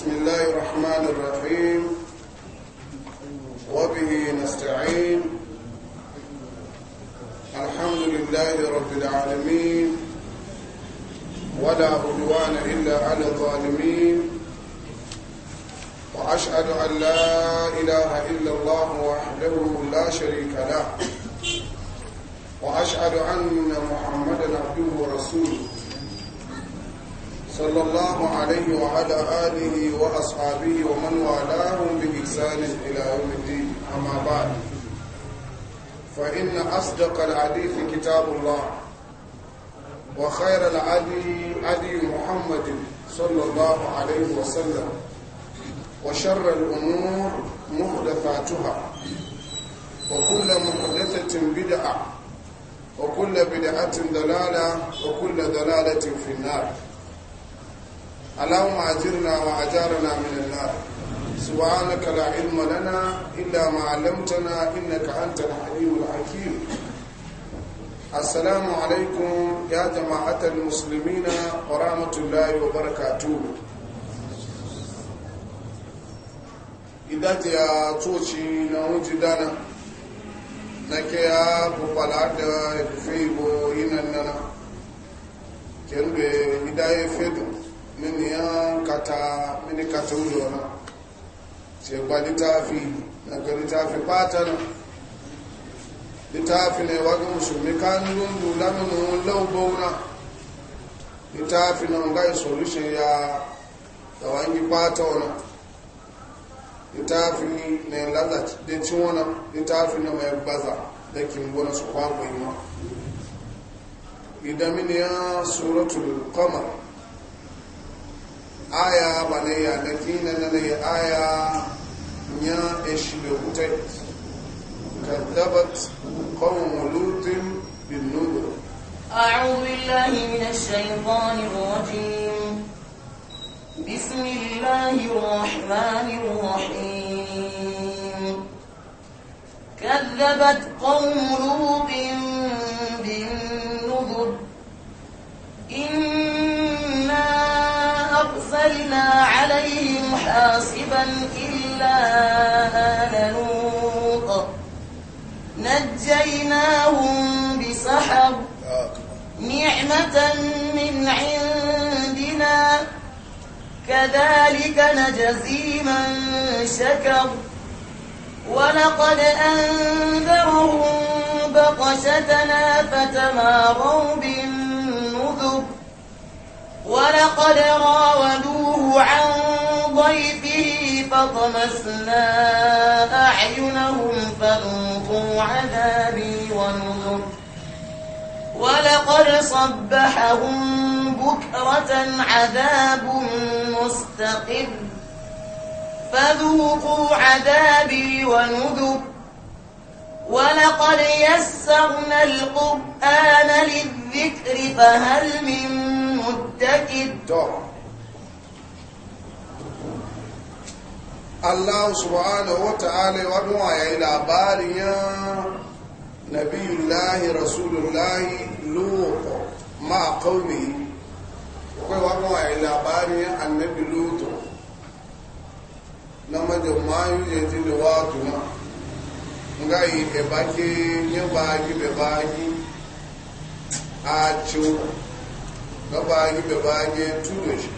بسم الله الرحمن الرحيم وبه نستعين الحمد لله رب العالمين ولا عدوان إلا على الظالمين وأشهد أن لا إله إلا الله وحده لا شريك له وأشهد أن محمدا عبده ورسوله صلى الله عليه وعلى آله وأصحابه ومن والاهم بإحسان إلى يوم الدين أما بعد فإن أصدق الحديث كتاب الله وخير العدي عدي محمد صلى الله عليه وسلم وشر الأمور محدثاتها وكل محدثة بدعة وكل بدعة دلالة وكل دلالة في النار اللهم أجرنا وأجارنا من النار سبحانك لا علم لنا إلا ما علمتنا إنك أنت الحليم الحكيم السلام عليكم يا جماعة المسلمين ورحمة الله وبركاته إذا جاء توشي نوجي دانا نكيا ببالادا فيبو إننا كنبي إذا يفيدو mini yan kata mini kata ujo na sai ba littafi na ga littafi fata na littafi ne wa ga musulmi kan lungu lamini laubo na littafi na ga solution ya da wangi fata na littafi ne lada da ci wana littafi na mai baza da kimbona su kwakwa ima idan mini ya suratul qamar aya bane ya da tina na ne aya nya eshibe wuta kadzabat qawm lutin bin nudur أعوذ بالله من الشيطان الرجيم بسم الله الرحمن الرحيم كذبت قوم لوط بالنذر إن أرسلنا عليهم حاصبا إلا آل لوط نجيناهم بسحر نعمة من عندنا كذلك نجزي من شكر ولقد أنذرهم بطشتنا فتماروا بما ولقد راودوه عن ضيفه فطمسنا أعينهم فذوقوا عذابي ونذر ولقد صبحهم بكرة عذاب مستقر فذوقوا عذابي ونذر ولقد يسرنا القرآن للذكر فهل من مدكر Allah subhanahu wa ta'ala wadda wa ya yi labarin rasulullahi yi na majamayu ke ji da watuma ga yi a cikin gaba gi be ba ge tudo shi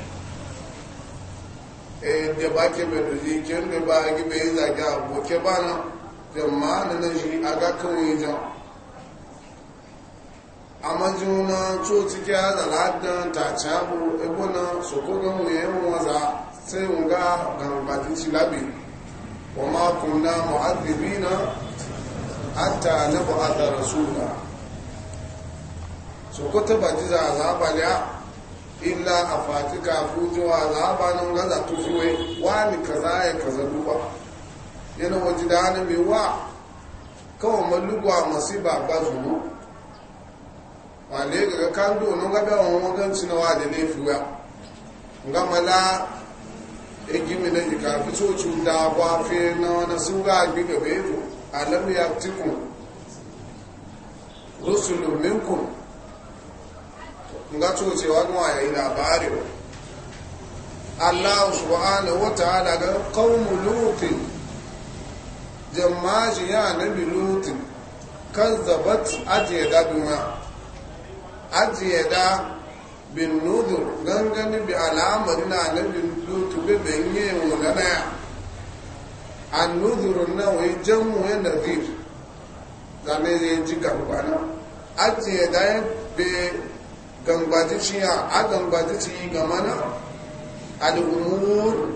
e de ke be do ji ken de ba gi be za ga bo ke na de ma na na ji aga ko yi ja amajuna to ti ke ada la ta chabu bu e bo na so ko ga mu e mo za se mu ga ga ba ti ci labi wa ma kunna mu'adhibina hatta nab'atha rasula so ko taba ji za azaba ne illa a fatika fujo azaba nan gaza tufiwe wani kaza ya kaza duba yana waje da hannun mai wa kawai malugwa masiba ba zuru wale ga kando nun gabe wa maganci na wada ne fiwa nga mala egimi na jika fitoci da kwa fe na wani sun ga agbi gaba ya tikun rusulun minkum nga cewa kuma ya yi labari Allah subhanahu wa ta'ala ga qaumu lutin jama'aji ya nabi lutin kazzabat ajiyada bima da bin nudur gangani bi alamari na nabi lutu bi benye wulana ya an nudurun na wai jamu ya nadir zane ya ji na ajiyada da bi gangbajiciya a gangbajici ga mana al'umur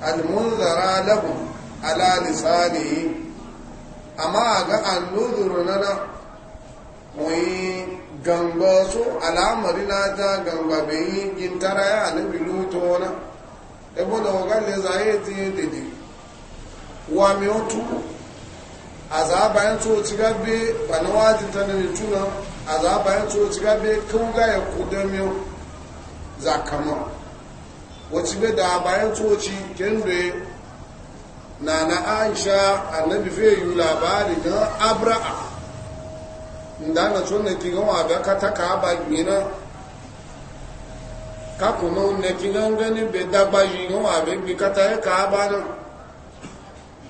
al'munzara lahum ala lisanihi amma a ga annuzuru na wani gangba su al'amari na ta gangba bayi gintara ya nabi luto na ebo da wakarle zaye tiye dede wa mi otu a za a bayan so ci gabe ba na wajin ta na tuna azaba ya tsoci gabe kauga ya kuda mil zakama wacce bai da bayan tsoci kendre na na aisha annabi fe yi labari don abra'a da na tsoron ki gawa kata ka ba gina kakunan na ki gangani bai dagba yi gawa bai bi kata ya ka ba nan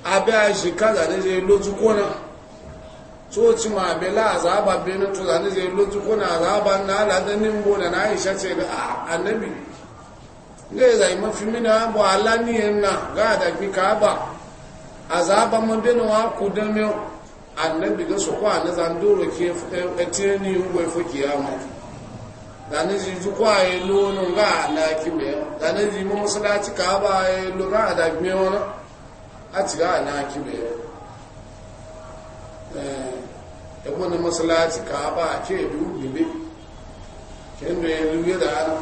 abẹ́ àṣìkádà ní ṣe lójúkó na. coci ma bela azaba benin to zane zai lotu kuna azaba na aladan nimbo da na aisha ce ga ah, annabi ne zai mafi mini abu alaniyan na ga da fi kaba azaba mun dena wa ku da mi annabi ga su kwa na zan doro ke e eteni ngwe fo kiyama zane ji ju kwa e lo no ga alaki me zane ji mu musulaci kaba e lo ga da mi e wona a ci ga alaki me ẹgbọ́n ní mọ́sálásí kàábà àti èdè ògbèlé kẹ́ndọ̀ ẹlúwẹ́ dà ánà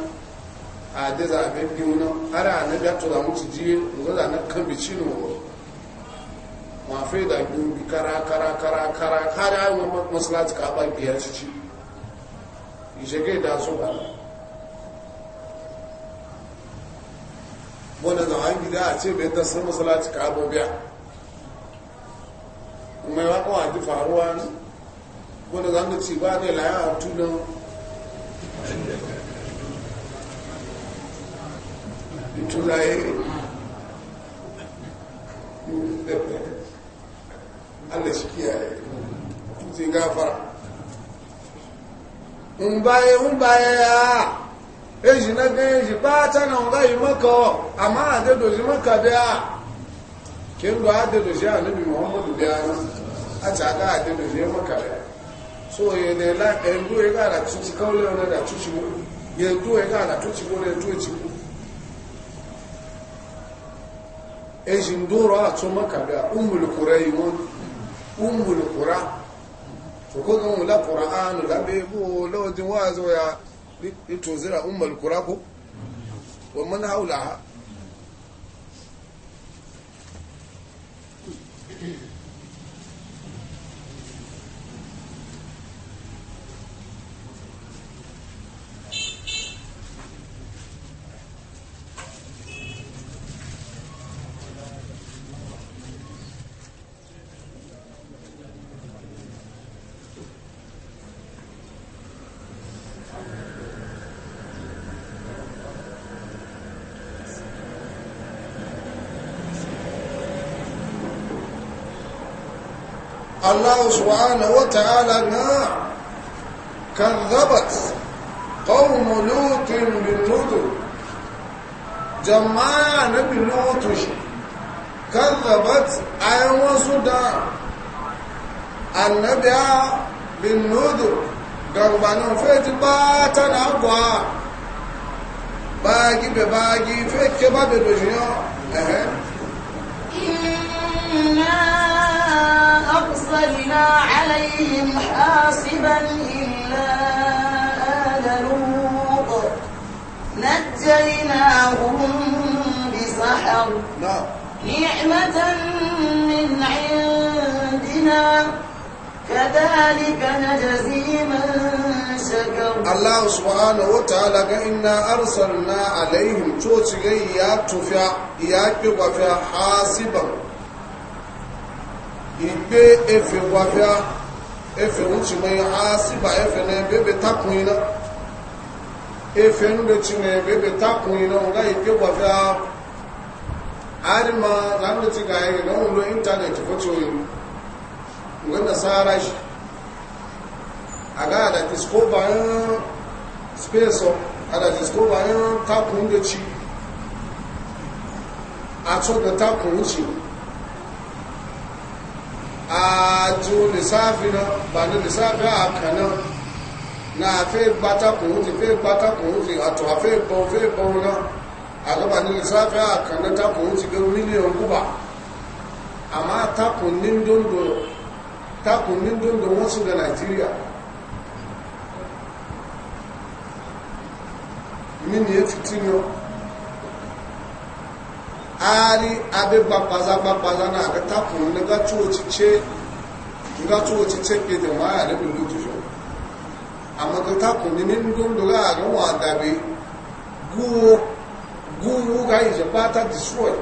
àdẹ́dà àbẹ́bí wọn ara ànẹ́bí àtọ́lá mú ti jíye kara. àná kànbì chínú wọ̀ wọn àfẹ́ ìdàgbé òbí kárakárakárakára kárí àwọn mọ́sálásí kàábà ìgbé ẹ̀ ṣíṣí ìṣẹ́gẹ́ ìdásọ́gbà wọn dàgbà wọn gbìdá àti ìbẹ̀ẹ́ta sí mọ́sálásí ba biya. mai wa kuma ji faruwa ne wanda za mu ci ba ne laya a tunan tulaye Allah shi kiyaye zai gafara in baya in baya ya eji na ganye ji ba ta na nga yi maka amma a dedoji maka biya kin ga a dedoji a nabi muhammadu biya nan a ci aga adinu so ye ne la endu ye ga na tuci kawle ona da tuci wo ye endu ye ga na tuci wo ne tuci e wo e jin doro a to makare ummul qurai won ummul qura to ko ga la qur'an la be bo lo din wazo ya ko wa Allah subhanahu wa ta'ala náà kadhabat qawmu lutin bin-nudhur jama'a nabi lutu kadhabat ayyawan sudan annabiya bin-nudhur garbanin feti ba ta na agwa baagi be baagi feke ba be be jiyan أرسلنا عليهم حاصبا إلا آل لوط نجيناهم بسحر نعمة من عندنا كذلك نجزي من شكر الله سبحانه وتعالى إنا أرسلنا عليهم توتي يا تفيا يا كبفيا حاسبا be efe wafia efe ŋutsu me asiba efe ne bebe takun na efe nuɖetsi me bebe takun na nga yi ke wafia arima lanɖetsi ga yi na wolo intanet fotso yi nga nasara shi aga ada discover yan eh, space ada discover yan eh, takun ɖetsi atsɔ ɖe takun ŋutsu. a tún lissafi náà bàdé lissafi àkàn náà náà fẹ́ gbátakùn ti fẹ́ ti àtọ̀ àfẹ́ fẹ́ náà ní lissafi àkàn náà takùn ti gbé mílíọ̀n kúbà àmá takùn ní dòndò takùn ní dòndò wọ́n sùn ní nàìjíríà hali abin gbakwaza-gbakwaza na ga takwuru na gatu ochiche pe da ma ya rabin dutu jo amma ga takwuru ne a ga wa ga ije bata destroy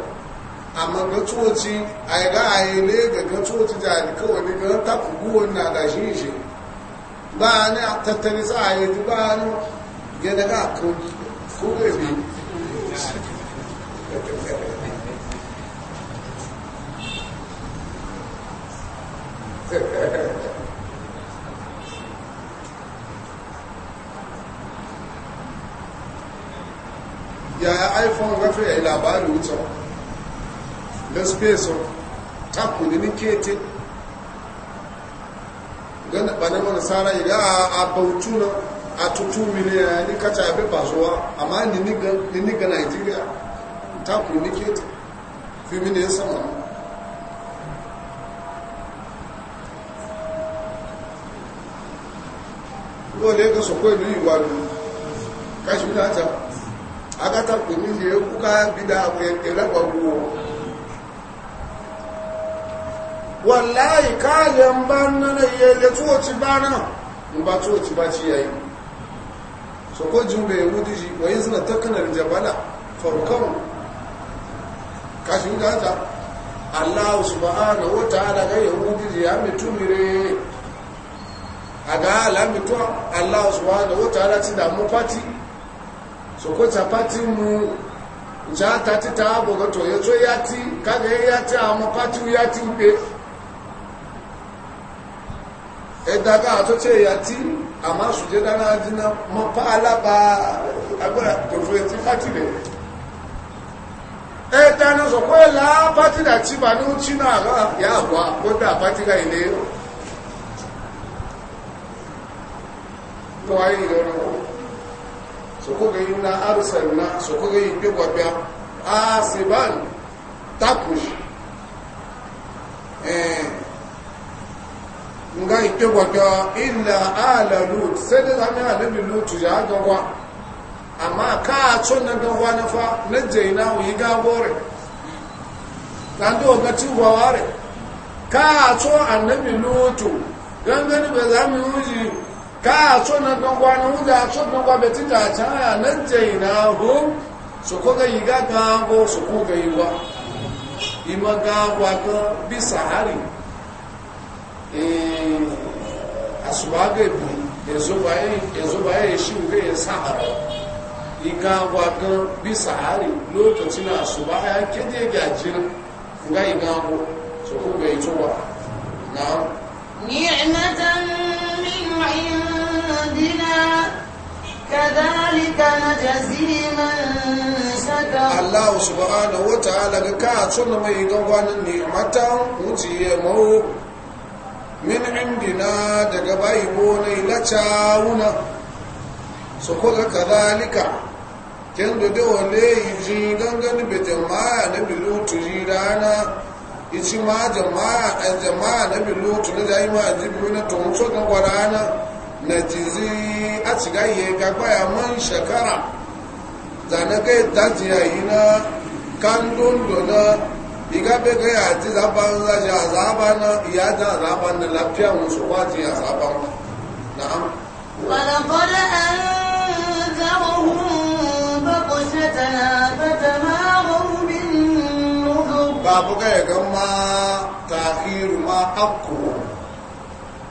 amma ga tuwoci a yi ga ayi ne ga ga tuwoci kawai ga gu na ga shi shi ba ne a tattali ba ga da iphone gafe ya yi labari wuce da space takuni ni kete gana bane mana sara iga a bautu na a tutu mine ya ni kacha abe bazuwa amma ni ni ga nigeria takuni ni kete fi mine ya sama lóòlé ga sọ kó ìlú ìwà lóòlé káṣí akata kwenye je kuka bida kuekela kwa guo wallahi kale mbanna na yele tuo chibana mba tuo chibachi yayi so ko jumbe yudi ji wa yanzu takana jabala farukam kashin gaza Allah subhanahu wa ta'ala ga yudi ji ya mitumire aga la mitwa Allah subhanahu wa ta'ala ti da mu soko chapati mu chatati tabo goto to yati kage yati pe uyati daga edaga atoche yati ama suje dana dina ala ba agbara tofu eti pati le edana soko la pati da chiba ni na aga ya kwa koda pati ga ile yo to ayi lo sokoga na arsalna sokoga yimbe gwabya asiban takush eh nga yimbe gwabya illa ala lut sai da zami alabi lut ya gagwa amma ka a cun na gagwa na fa na jaina wuyi gagore ɗan da waga tuba ware ka a cun lutu gangani ba za mu yi ka a so na gbangwa na wuda a so gbangwa betin da a can a nan jai na hu su koga yi ga gago su ga yi wa ima gagwa ga bisa hari e, a su ba ga bi ezo ba ya shi ga ya sahara yi gagwa ga bisa hari lokacin a su ba ya kede gajin ga yi gago su koga yi tuwa na ni'matan min ذنوبنا كذلك نجزي من Allah subhanahu wa ta'ala ga ka tsunna mai gwanin ni'mata wuciye mawo min indina daga bayi mo na ilacha wuna so ko ga kadalika kin da da wale yiji dangan bitin ma da bilutu jirana ichi ma jama'a an jama'a da bilutu da dai ma ajibuna to so kan gwanana na jizi a ciga yi gagba man shekara zane ga daji ya yi na kandondo na iga be ga ya ji zaban zaji a na iya ji a zaba na lafiya musu kwaji a zaba na'am ولقد أنذرهم بطشتنا فتماروا بالنذر بابك يا جماعة تأخير ما أقوى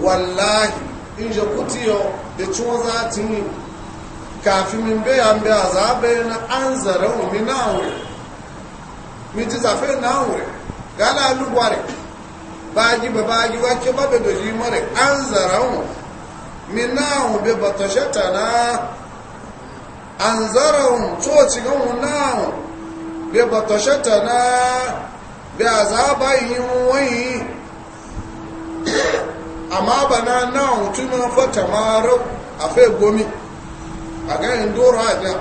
wallahi in je kutiyo da tun za ta yi kafin min bayan biya za bayan an zarau mi na wuri mi ji zafe na wuri gala lugware baji ba baji wake ba da doji mare an zarau mi na wuri ba ta shata na an zarau coci gan wuna bi ba ta shata na a za a bayan wani amma bana na hutuna fata marau a fai gomi a ganin dora da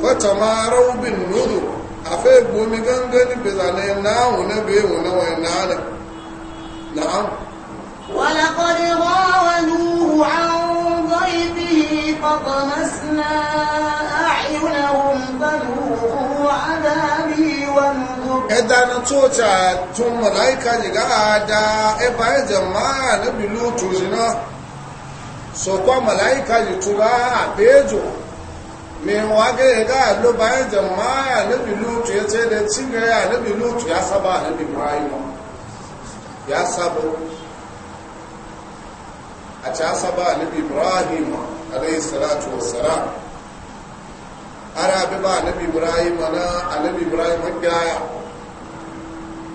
fata marau bin nudu a fai gomi gangani bizane na hune bai hune wani nana na'am ولقد راودوه عن ضيفه فطمسنا أعينهم فذوقوا عذابي ونذر da na tó ta tún mọ̀láíkà jìgá àádá ẹbà ẹ̀jẹ̀ máa níbi lóòtù síná sọ̀kọ́ mọ̀láíkà jì túra àbẹ́jọ mẹ́wàá gẹ́gẹ́ ló bá ẹ̀jẹ̀ máa níbi lóòtù yẹ tẹ́ lẹ tí gẹ́yà níbi lóòtù yá yá sábà níbi ibrahima salatu ara bí bá níbi ibrahima náà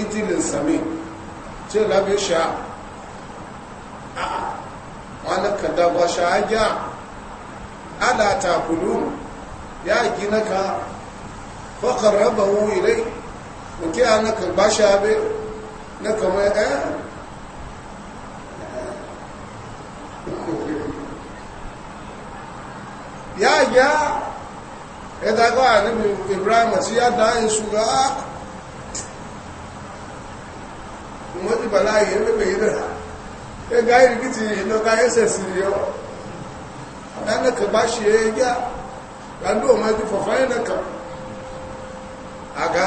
ìdílé sami tí ó lábẹ́ ṣá wọn na kàdá wà ṣá ajá ya gina ka fọ́kàrà raba wọn ilé òkè a na ka gbá ṣá bẹ́ na kama ẹ́ ya ya ẹ̀dàgbà níbi ibrahim àti yá dáhìn ṣùgbọ́n ah. wọ́n ti bàlá yìí lóògbé yìí náà ẹgbà ìrìbí ìlọ́gá ẹsẹ̀ sí rí ọ́ ṣe é yá gbàndó ọmọ ti fọ̀fá ẹnàkà àgá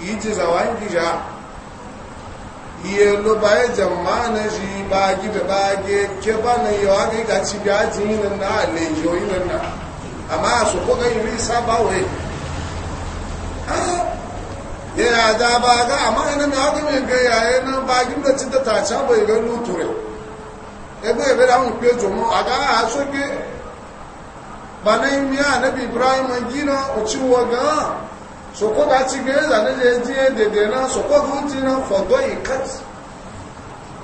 yìí ti zàwá ń jìyà iye ló bá ẹ jẹ máa na ṣe bá gíbẹ̀ bá gé kí bá na yọ agíga ti bí á ti yìí náà lè yọ yìí náà àmá àsopọ̀ kẹ́yìn rí sábàwẹ̀ ah ya da ba ga amma yana mai haka mai ga yaye nan ba gina ci da ta ca bai ga luture ebe ebe da mun pejo mu a ga a soke ba na yi ya nabi ibrahim gina uci wa ga so ko ga ci ga za ne je je de de na so ko gun ti na fo do yi kat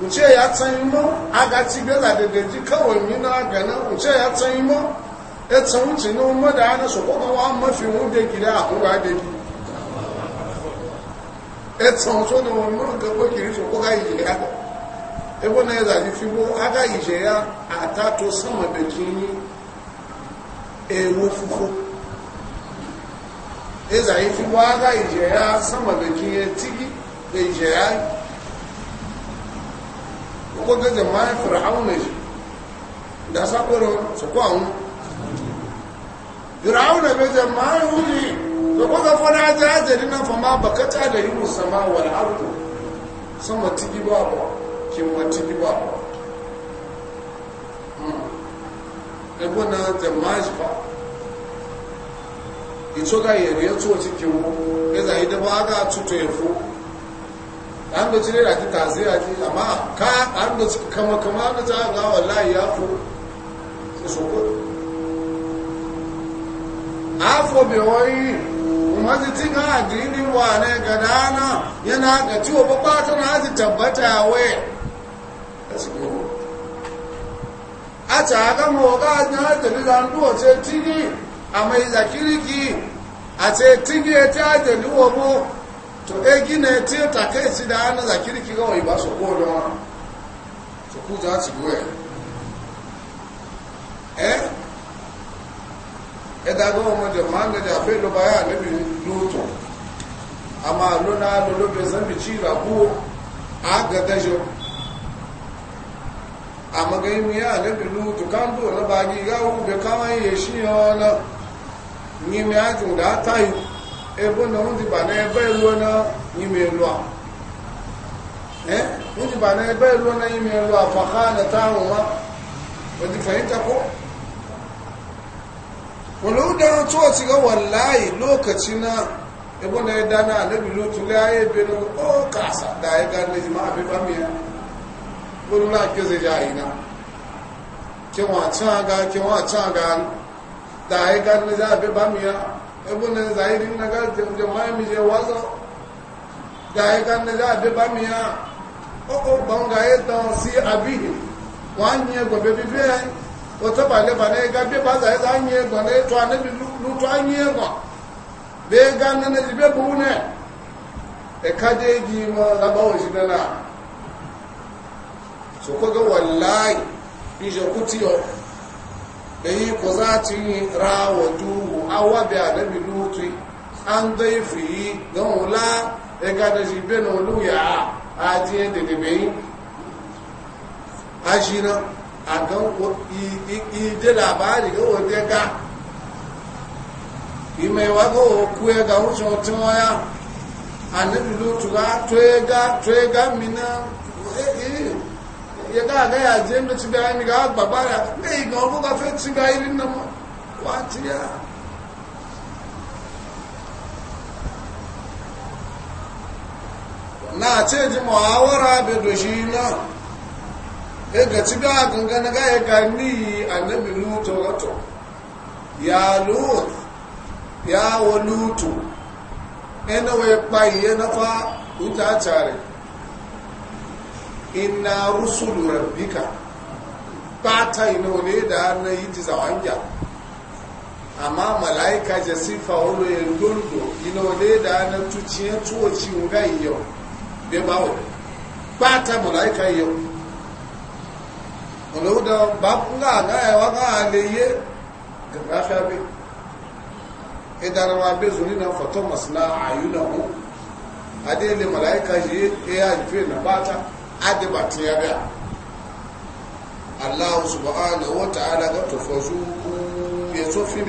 uce ya tsan mu a ga ci ga za de de ji kawai mi na ga na uce ya tsan mu e tsan uci no mu da na so ko ga wa mafi mu de gida a ko ga de gida ẹtàn tó ní wọn náà gẹ́gbó ìjìrí tó kó káyì ìjìrí àgbà ẹgbọ́n náà ẹ̀dà ní fíwó ágá ìjìrí àtàtò sánmà bẹ̀jì ní èwo fúfú ẹ̀dà yìí fíwó ágá ìjìrí sánmà bẹ̀jì ní tígí lè ìjìrí ọkọ̀ gẹ́gẹ́ máa ń fẹ̀rẹ̀ àwọn èjì ìdásápẹ̀rọ sọ̀kọ́ àwọn ìràwọ̀n ẹ̀mẹ́jẹ̀ máa ń wúni da kuka fana ajajari nan fa ma bakata da yi musamman wal ardu sun matigi ba ba kin matigi ba ba ebo hmm. na jamaji ba ito ga yere ya tuwa cikin mu ya zai da ba ga tuto ya fu an da cire raki tazira ji amma ka an da kama kama da ta ga wallahi ya fu su so ko afo bi wani mazi cin adini wane ga dana yana ga ciwo ba ba tabbata we a ta ga mo ga na ni zandu duwa ce tini a mai zakiriki a ce tini ya ta da duwa mo to e gina ce ta kai si da ana zakiriki ga wai ba su ko don su ku su duwe eh? ẹ̀dàgbọ́n ọmọdé máa ń gẹ̀dẹ̀ àfẹ́ ìlú báyà níbi lóòtọ̀ a máa ló náà lọ lóbi sẹ́mi tí ìràkú àgẹ̀dẹ́jọ àmọ́gẹ́ ìmú yà níbi lóòtọ̀ káńdù ọlọ́ba ayé ìyáwó bẹ káwọn yẹ sí ọ̀nà yìí àjùdá táyì ebó náà ń dìbà náà na ìlú náà yìí ìlú à ẹ́ ń dìbà náà ẹgbẹ́ ìlú náà yìí ìlú àfàkà wuludan coci ga wallahi lokaci na ibu na ya dana alabi lutu la ya bino o kasa da ya gane jima abin bamiya wani na ke jayi na kewa caga kewa da ya gane za abin bamiya ibu na zahirin na ga jama'a ya je wazo da ya gane za abin bamiya o o banga ya si abi wani ya gobe wata bale bane ga be ba za za nye ba ne to anabi lu to anye ba be ga na ne be bu ne e ka je gi ma la ba o shi na na so ko ga wallahi e bi je kuti yo be yi ko za ra wa du awa be anabi lu tu an dai fi ga wala e ga da shi be ya a je be yi ajina a gan ije labari ga wode ga imewa ga oku ya e ga wuce otun waya annabi lutu ga toyega toyega mina e, e, ya ga ga ya je mu ci bayani ga babara ne ga mu ga fe ci wa ya na ce ji doshi na e ga ci da gangana ga ya ni annabi lutu rato ya lut ya wa lutu ena wa pa iye na fa uta tare inna rusulu rabbika pata ino ne da na yi ti zawanja amma malaika je sifa olo ye londo ino ne da na tuciye tuwo ci nga iyo be bawo pata malaika iyo olówó dán bábúlà náà wá káà lè yé gàgáfíà bí ìdára wa bí zòrí náà fọ̀tọ́ masìlá àyúnà mú adé ilé màláìka yìí ẹ̀yà ìfẹ́ nà bàtà adébà tí a bẹ́à aláwọ̀ subahana wọ́n ta alága tó fọ́sù yẹ tó fi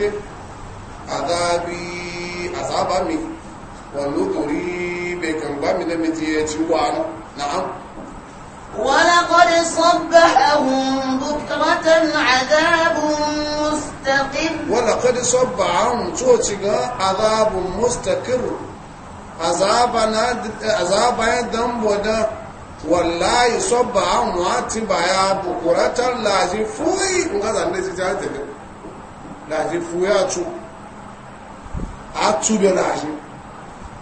ولقد صبحهم بكرة عذاب مستقر ولقد صبحهم توتيغا عذاب مستقر عذابنا عذابا ذنبنا wallahi sobba an wati ba ya bukuratar laji fuyi nga zanne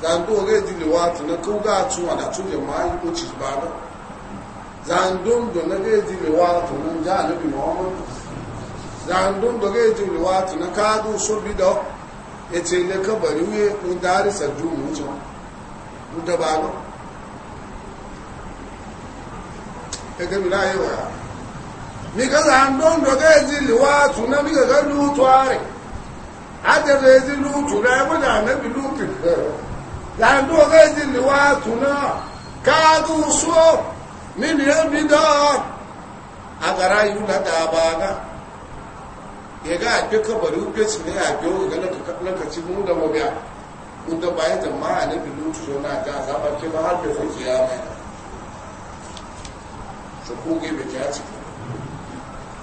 zando ga ji liwatu na kau ga tuwa da tuwa ma yi ko ci ba ba zandon da na ga ji liwatu nan ja na bi muhammad zandon da ga ji liwatu na kadu so bi da e ce ne ka bari we mun dari sadu mu ji mu da ba ba e ga mi la yi wa mi ga zandon da ga ji liwatu na mi ga ga lutuare a da ga ji lutu na ya mu da na bi lutu zando gaji liwatuna kadu so min yabida a gara yi na da baga ya ga ake kabari uke su ne a biyo ga lokaci mun da mabiya mun da bayan jama'a na bilu tuzo na ta zaba ke ba har da kuke ya mai su kuge bai kya ciki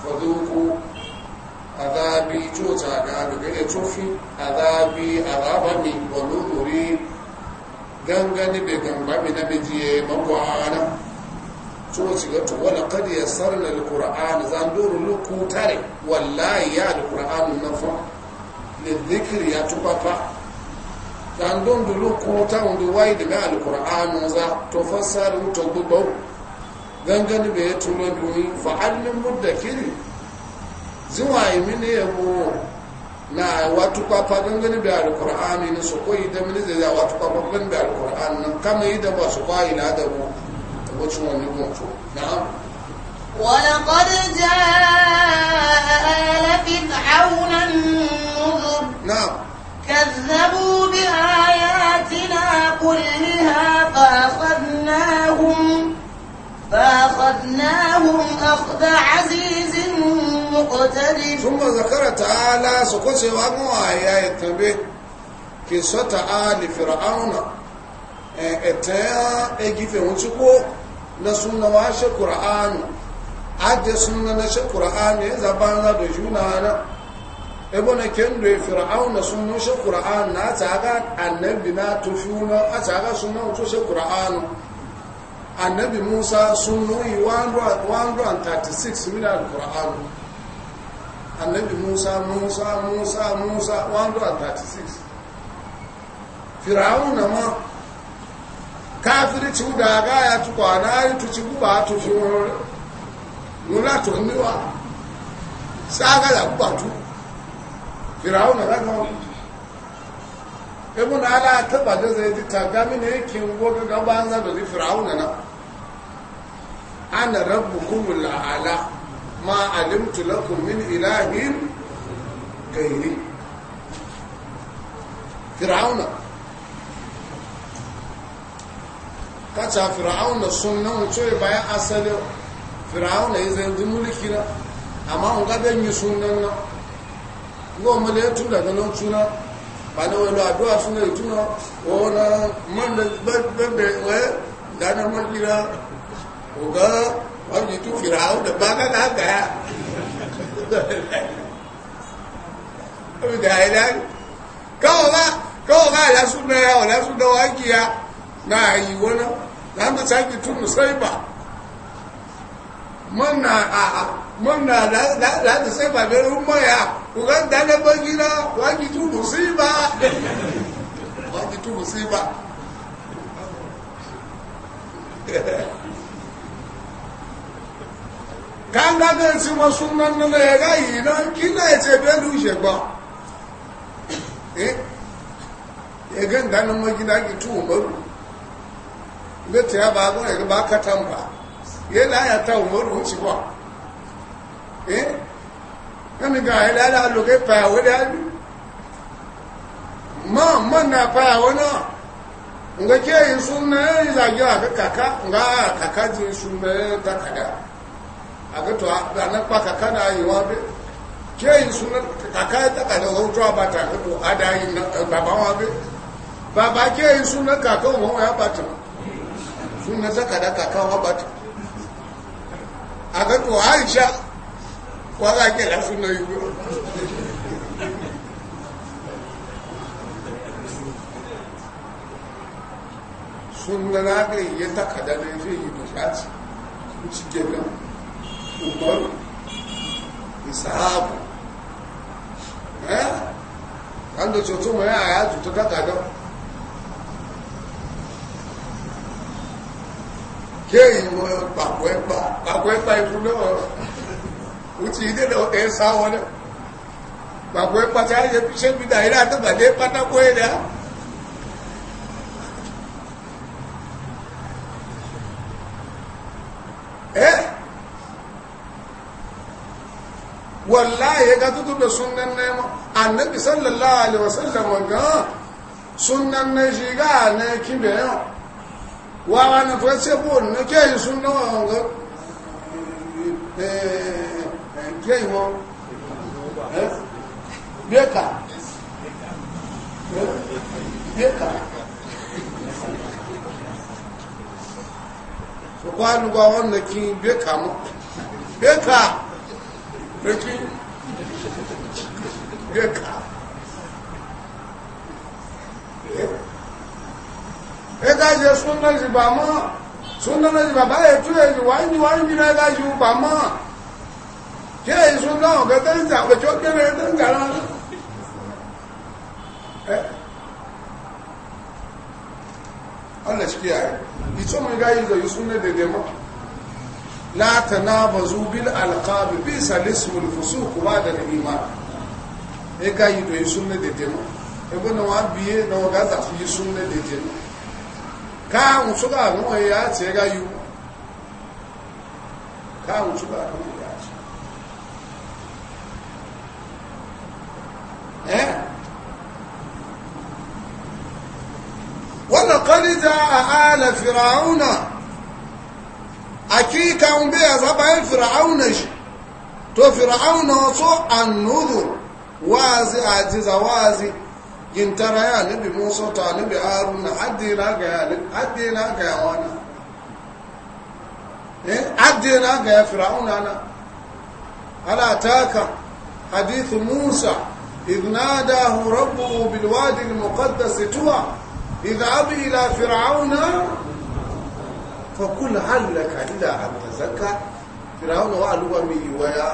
fazuku azabi jota ga abu gane tofi azabi azabami wa luluri gangani bai gamba mai na biji ya yi magwana so ci ga tuwa na kadi ya da alkur'an zan duru luku tare wallahi ya alkur'an na fa ne zikiri ya tuba fa zan don da luku ta wanda wai da mai alkur'an za to fasar to gudau gangani bai ya turo domin fa'almin muddakiri zuwa yi mini yabo na watu kwa pagangani bi alqur'ani ne so koyi da mini da watu kwa pagangani bi alqur'ani nan kama yi da ba su kwa ila da mu wacin wani mutu na'am ولقد جاء آل فرعون النذر نعم كذبوا بآياتنا كلها فأخذناهم فأخذناهم أخذ عزيز ƙotari tun ba zakara ta ala su kusurwa ko na suna wa shi da juna a ta ga suna wuce shi musa sun nuyi 136 million annabi musa musa musa musa 136 Firauna ma kafirci daga ya tukwa na yi tuci guba tufi wula turmiwa saga da guba tu firawuna daga ibu na ala taba da zai ji taga mini yake goga gaba an zado di firawuna na ana rabu kumula ala ma alimtu lakum min ilahin gairi fir'auna kaca fir'auna sunan wuce bayan asali fir'auna ya zai mulki na amma un gaben yi sunan na goma da ya tura da nan suna ba na wani addu'a suna yi tuna wani man da bebe wai da na mulki na ga wani tu fir'aun da ba ka ga haka ya abin da ya dani kawo ba kawo ba ya suna ya wala suna wakiya na yi wani za mu sake tun sai ba manna a manna da da sai ba bai rumma ya ku da na na waki tu ba waki tu musiba ba. kanga de si mo sunna na le ga yi na kina e che be lu she ba eh e gen dan mo gi na gi tu mo le te ba go e ba ka tam ba ye la ya ta mo ru chi ba eh na e mi ga e la la lu ke pa we da lu ma ma na pa wo na nga ke yi sunna e la ga ka ka nga ka ka ji sunna ta ka ga a ga to da nan ba ka kana yi wa be ke yi sunan ka kai ta kana hoto ba ta ka to ada yi eh, baba wa be baba ke yi sunan ka kan wa ya bata sunan ta da ka kan wa bata a ga to Aisha kwa ga ke la sunan yi sunan na ga yi ta kada ne zai yi da shi ci kenan Utono. Isahabu. Eh? Kando choto mo ya ya chuto kaka do. Ke ìwọ papo epa, papo epa ifu no. Uti ide do Papo cha ye wallahi ga tutu da sunan na yamma annabi sallallahu alaihi wasallam wanga sunan na shiga na kibe yau wa wa na fa se bo na ke yin sunan wanga eh, eh? lókí gẹ́ka ẹ̀ka ṣe súnmọ́ ìṣìbà mọ́ súnmọ́ ìṣìbà báyẹ̀ tó èyí wáyé wáyé nínú ẹ̀ka ṣe bà mọ́ kí èyí súnmọ́ ọ̀gẹ́ tẹ́ǹtà pẹ̀jọ́ kéré tẹ́ǹtà rárá ọ̀nà ṣíkí ààrẹ ìtọ́mọ̀ ìgbáyé ìzọ̀ yìí súnmọ́ dèdè mọ́ la tanabazu bil alqab bisa lismul fusuq ba'da al iman e yi doyi sunna de temo e bona wa biye na wa gaza fi sunna de temo ka un suga no e ya ce ga yu ka un suga no e ya ce ala fir'auna hakika un be azabayin fir'auna shi to fir'auna so annuzur wazi ajiza wazi gintara ya nabi musa ta nabi haruna addina ga ya addina ga ya wana eh addina ga ya fir'auna na ala taka hadith musa إذ ناداه ربه بالوادي المقدس طوى اذهب إلى فرعون fakul hallaka ila an tazakka firawuna wa aluwa mai yiwaya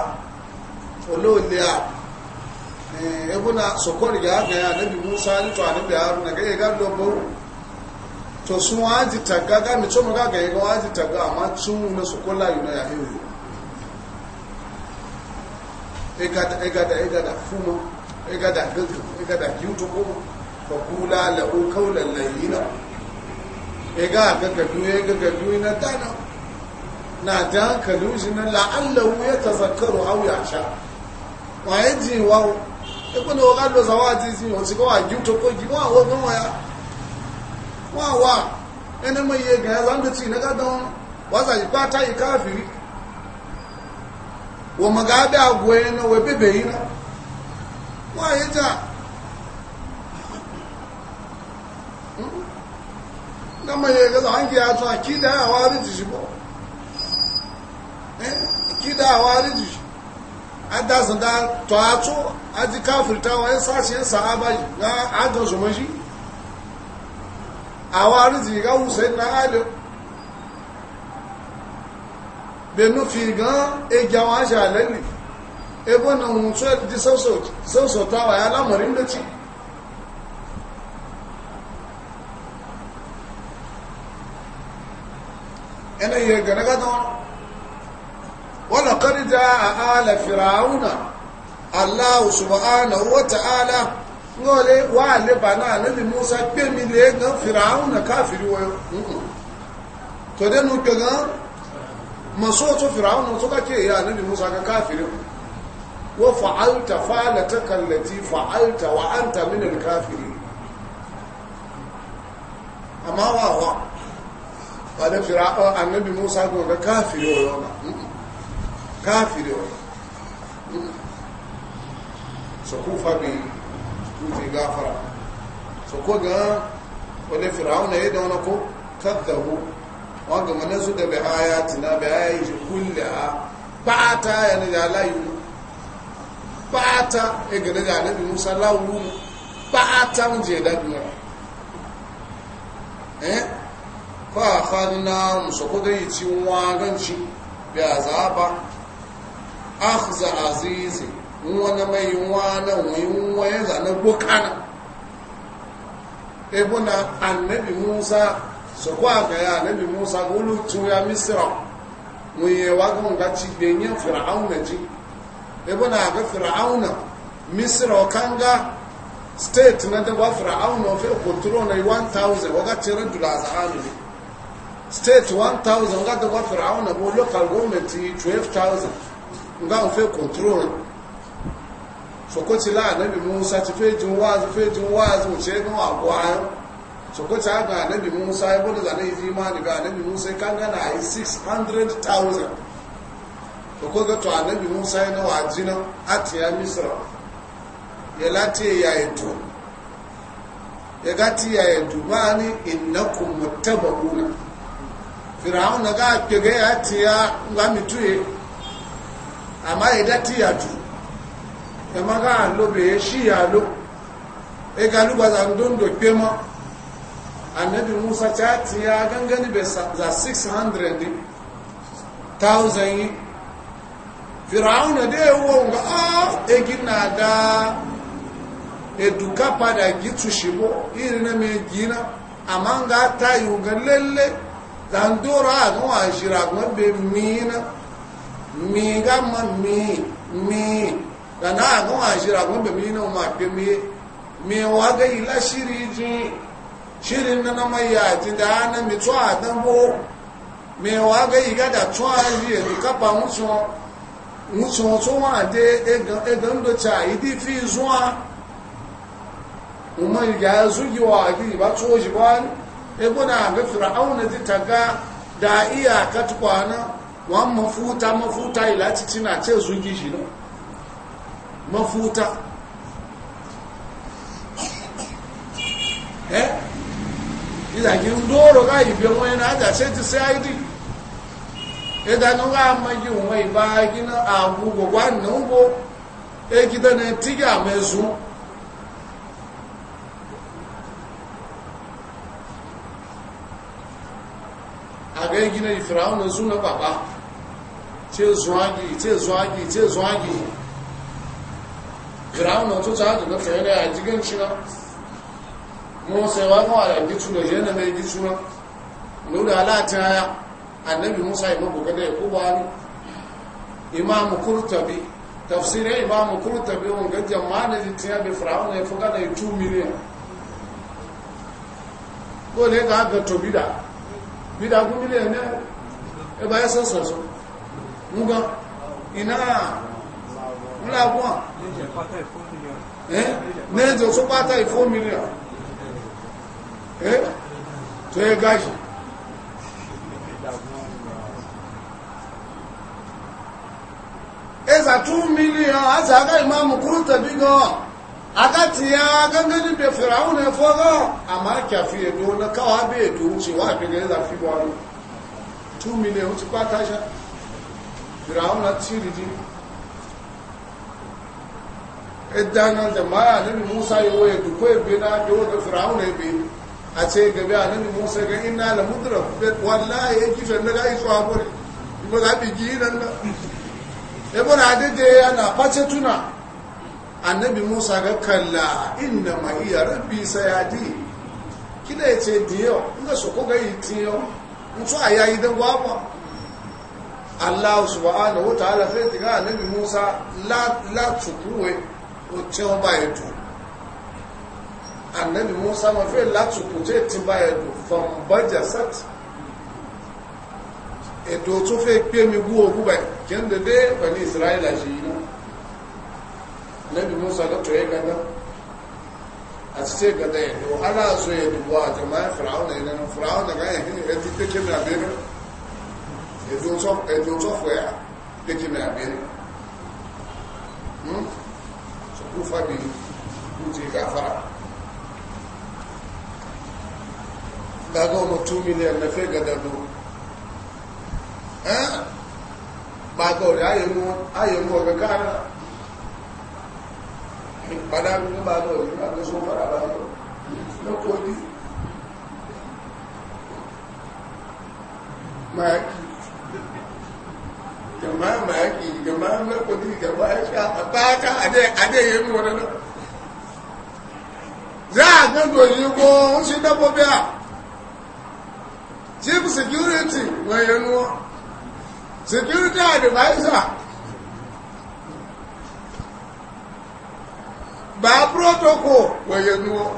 olóòlé à ẹgbọ́nà sọ̀kọ́rì yà gẹ̀yà níbi musa nítọ̀ àníbẹ̀ àrùn nàgẹ́yẹ gádọ́ bó tó sún wọ́n á ti tàgá gámi tó mọ́ gágẹ̀yẹ wọ́n á ti tàgá àmá tún ní sọ̀kọ́lá yìí náà yàhẹ́ òyò ẹgada ẹgada ẹgada fúnmọ́ ẹgada gẹ́gẹ́ ẹgada kí ega ga gadu ya ga gadu na dana na ta hankalin shi na la'allahu ya tazakkaru aw ya sha waye ji wa ebe na oga lo zawa ti si o ti ko wa gi to ko gi wa wo waya? wa wa wa ene mo ye ga zan do ti na ga don wa yi ji pata yi kafiri wo magabe agwe na we bebe yi na waye ja gama ya gaza hangi ya tun akida ya wari jishi bo akida eh, ya wari jishi adasa da tuwato aji kafirtawa ya sashi ya sahaba yi na ajan su mashi a wari jishi ga husain na ado benu figan egyawa shi alẹ́ni ebo na hun so di sọ́sọ̀tawa ya lamarin da ci أنا يقول لك دون ولقد جاء آل فراون الله سبحانه وتعالى قال وعلي بنا نبي موسى بمي لك فراون كافر تدين نكتا مصوت فراون وطبك يا نبي موسى كافر وفعلت فعلتك التي فعلت وأنت من الكافرين أما هو هو ba da fir'aun oh, annabi musa ko ga kafiri oyo na kafiri oyo so ku fabi ku ti gafara so ko ga wani fir'aun ne da wani ko kadzabu wa ga manazu da bi ayatina bi ayati kullaha bata ya ne da layu bata e annabi musa lawu bata mun je da duniya eh? fafani na musakodon yi ci waganci da azaba akhza azizi wani mai wana wani waya zane bukana ebo na annabi musa sokwa ga ya annabi musa gulu tuya misra wuye wagon ga ci benye fir'auna ji ebo na ga fir'auna misra kanga state na da wa fir'auna fe control na 1000 waga tira a azami state one thousand. nga da wa fir'auna bo local government twelve thousand. nga on fe control sokoti la nabi musa ti fe jun wa ti fe jun wa ti se gun agwa sokoti aga nabi musa e bodo zane izi imani ga nabi musa e kanga na six hundred 600000 sokoga to nabi musa e no ajina ati ya misra ye lati ya eto ye gati ya eto bani innakum muttabuna fìràhùn nàgá àgbègbè àti ya ngámitúye àmá ìdátìyà jù ẹmọ́gá lóbèé síyà ló ẹgá e lúgbàzà ndóndò pé mọ́ annabi musa ta ti ya gangani bai za 600 thousand yi fìràhùn nà dé wọ́n nga ọ́ ah, egi na da eduka padà gitu shibo irin na mai gina amma ga ta yi ga lalle zandoro a kan wa ṣira kan be m'ina m'i miiga ma mii mii dana a kan wa ṣira kan be m'ina o ma pe mii m'i wa ga ila shiri ji shiri nana ma ya ti da ana mi tso a dan bo mii wa ga iga da tso a yi e edu kapa ŋutsu ŋutsu tso wa de egan do tsa idi fi zua mo ma ya zugi wa agi ba tso zi wa ebona ga fir'auna ji taga da iya katukwana wan mafuta mafuta ila cici na ce zugi shi no mafuta eh ila gi ndoro ga ibe mo na da ce ti sai idi e da no ga ma ji won ba gi na agugo wan no bo e gidana tiga mezu ga yi gina firawunan suna baba ce zuwagi ce zuwagi ce zuwagi firawunan tó ta hajji na tsaye da ya jigan cina mo sai wa kawo da gitu da yana mai gitu na nuna alatin haya annabi musa imam bukada ya kuba ne imam kurtabi tafsirin imam kurtabi wani gajjan ma na jitiya bai firawunan ya fi da ya 2 miliyan ko ne ka haka da. bídá gún nílé ẹ̀nẹ́ ẹba ẹ́ sọ́sọ̀sọ́ múgan iná ńláàgbọ́n mẹ́jọ tó pátá ìfó mílíọ̀n ẹ́ tó ẹ gáyì ẹ̀sà 2 mílíọ̀n àti àgá ìmáàmù kúrò tẹ̀bí gan-an akati ya gangan da firawun ya e fogo amma kyafi ya e do na kawa be e do wuce wa be ya za fi baro 2 million wuce kwata sha firawun na tsiri ji idan jama'a nabi Musa ya waye duk ko be na do da firawun ya be a ce gabe nabi Musa ga inna la mudra wallahi ya kife na ga iso abore ko za bi gi nan na ebo na dede ana pace tuna annabi musa ga kalla inna ma iya rabbi sayadi kida ya ce diyo nga so ko ga itiyo mutu aya idan gwabo allah subhanahu wa ta'ala sai diga annabi musa la la tukuwe o ce o ba eto annabi musa mafi fe la tuku je ti ba eto from bajasat eto to fe pe mi bu ogu ba kende de bani israila ji na nabi musa ga toye gana a ci ce gada ya do ana so ya dubuwa a jama'in fir'auna yana nan fir'auna ga yankin ya ti take mai abin ya do tsofa ya take mai abin su kufa bi kuce gafara daga mutum miliyan na fe gada do ba ga wani ayyuka ayyuka ga kara padà ní bá lọ ní bá lọ́sọ fara bá lọ lọ́kọ̀ bí máa kì jama máa kì jama lọ́kọ̀ bí jama ṣe àpáta adéyẹ mú wọn lọ za a gbọ́dọ̀ yìí kó ń ṣe dábọ́ bí a chief security wọ̀nyẹnu security advisor ba protocol wọ́yẹ̀ ní wọ́n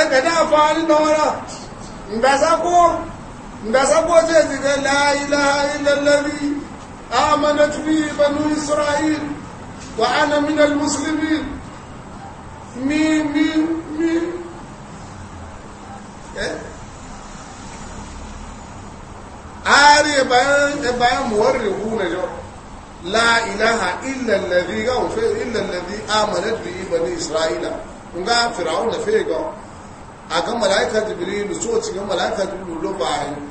ẹgbẹ̀dá àfáàní lọ́wọ́rá ìgbàsákó ìgbàsákó tí è ti gẹ láàílá ilẹ̀lẹ́rí àmàdàtúbí ìbẹ̀nú israel wà ánàmìnàl musulmi mi mi mi ààrí ìbẹ̀rẹ̀ bayan muwarrihu na jo la ilaha illa alladhi ga fe illa alladhi amanat bi bani isra'ila kun ga fir'auna fe ga a ga malaika jibril so ci ga malaika jibril lo ba yi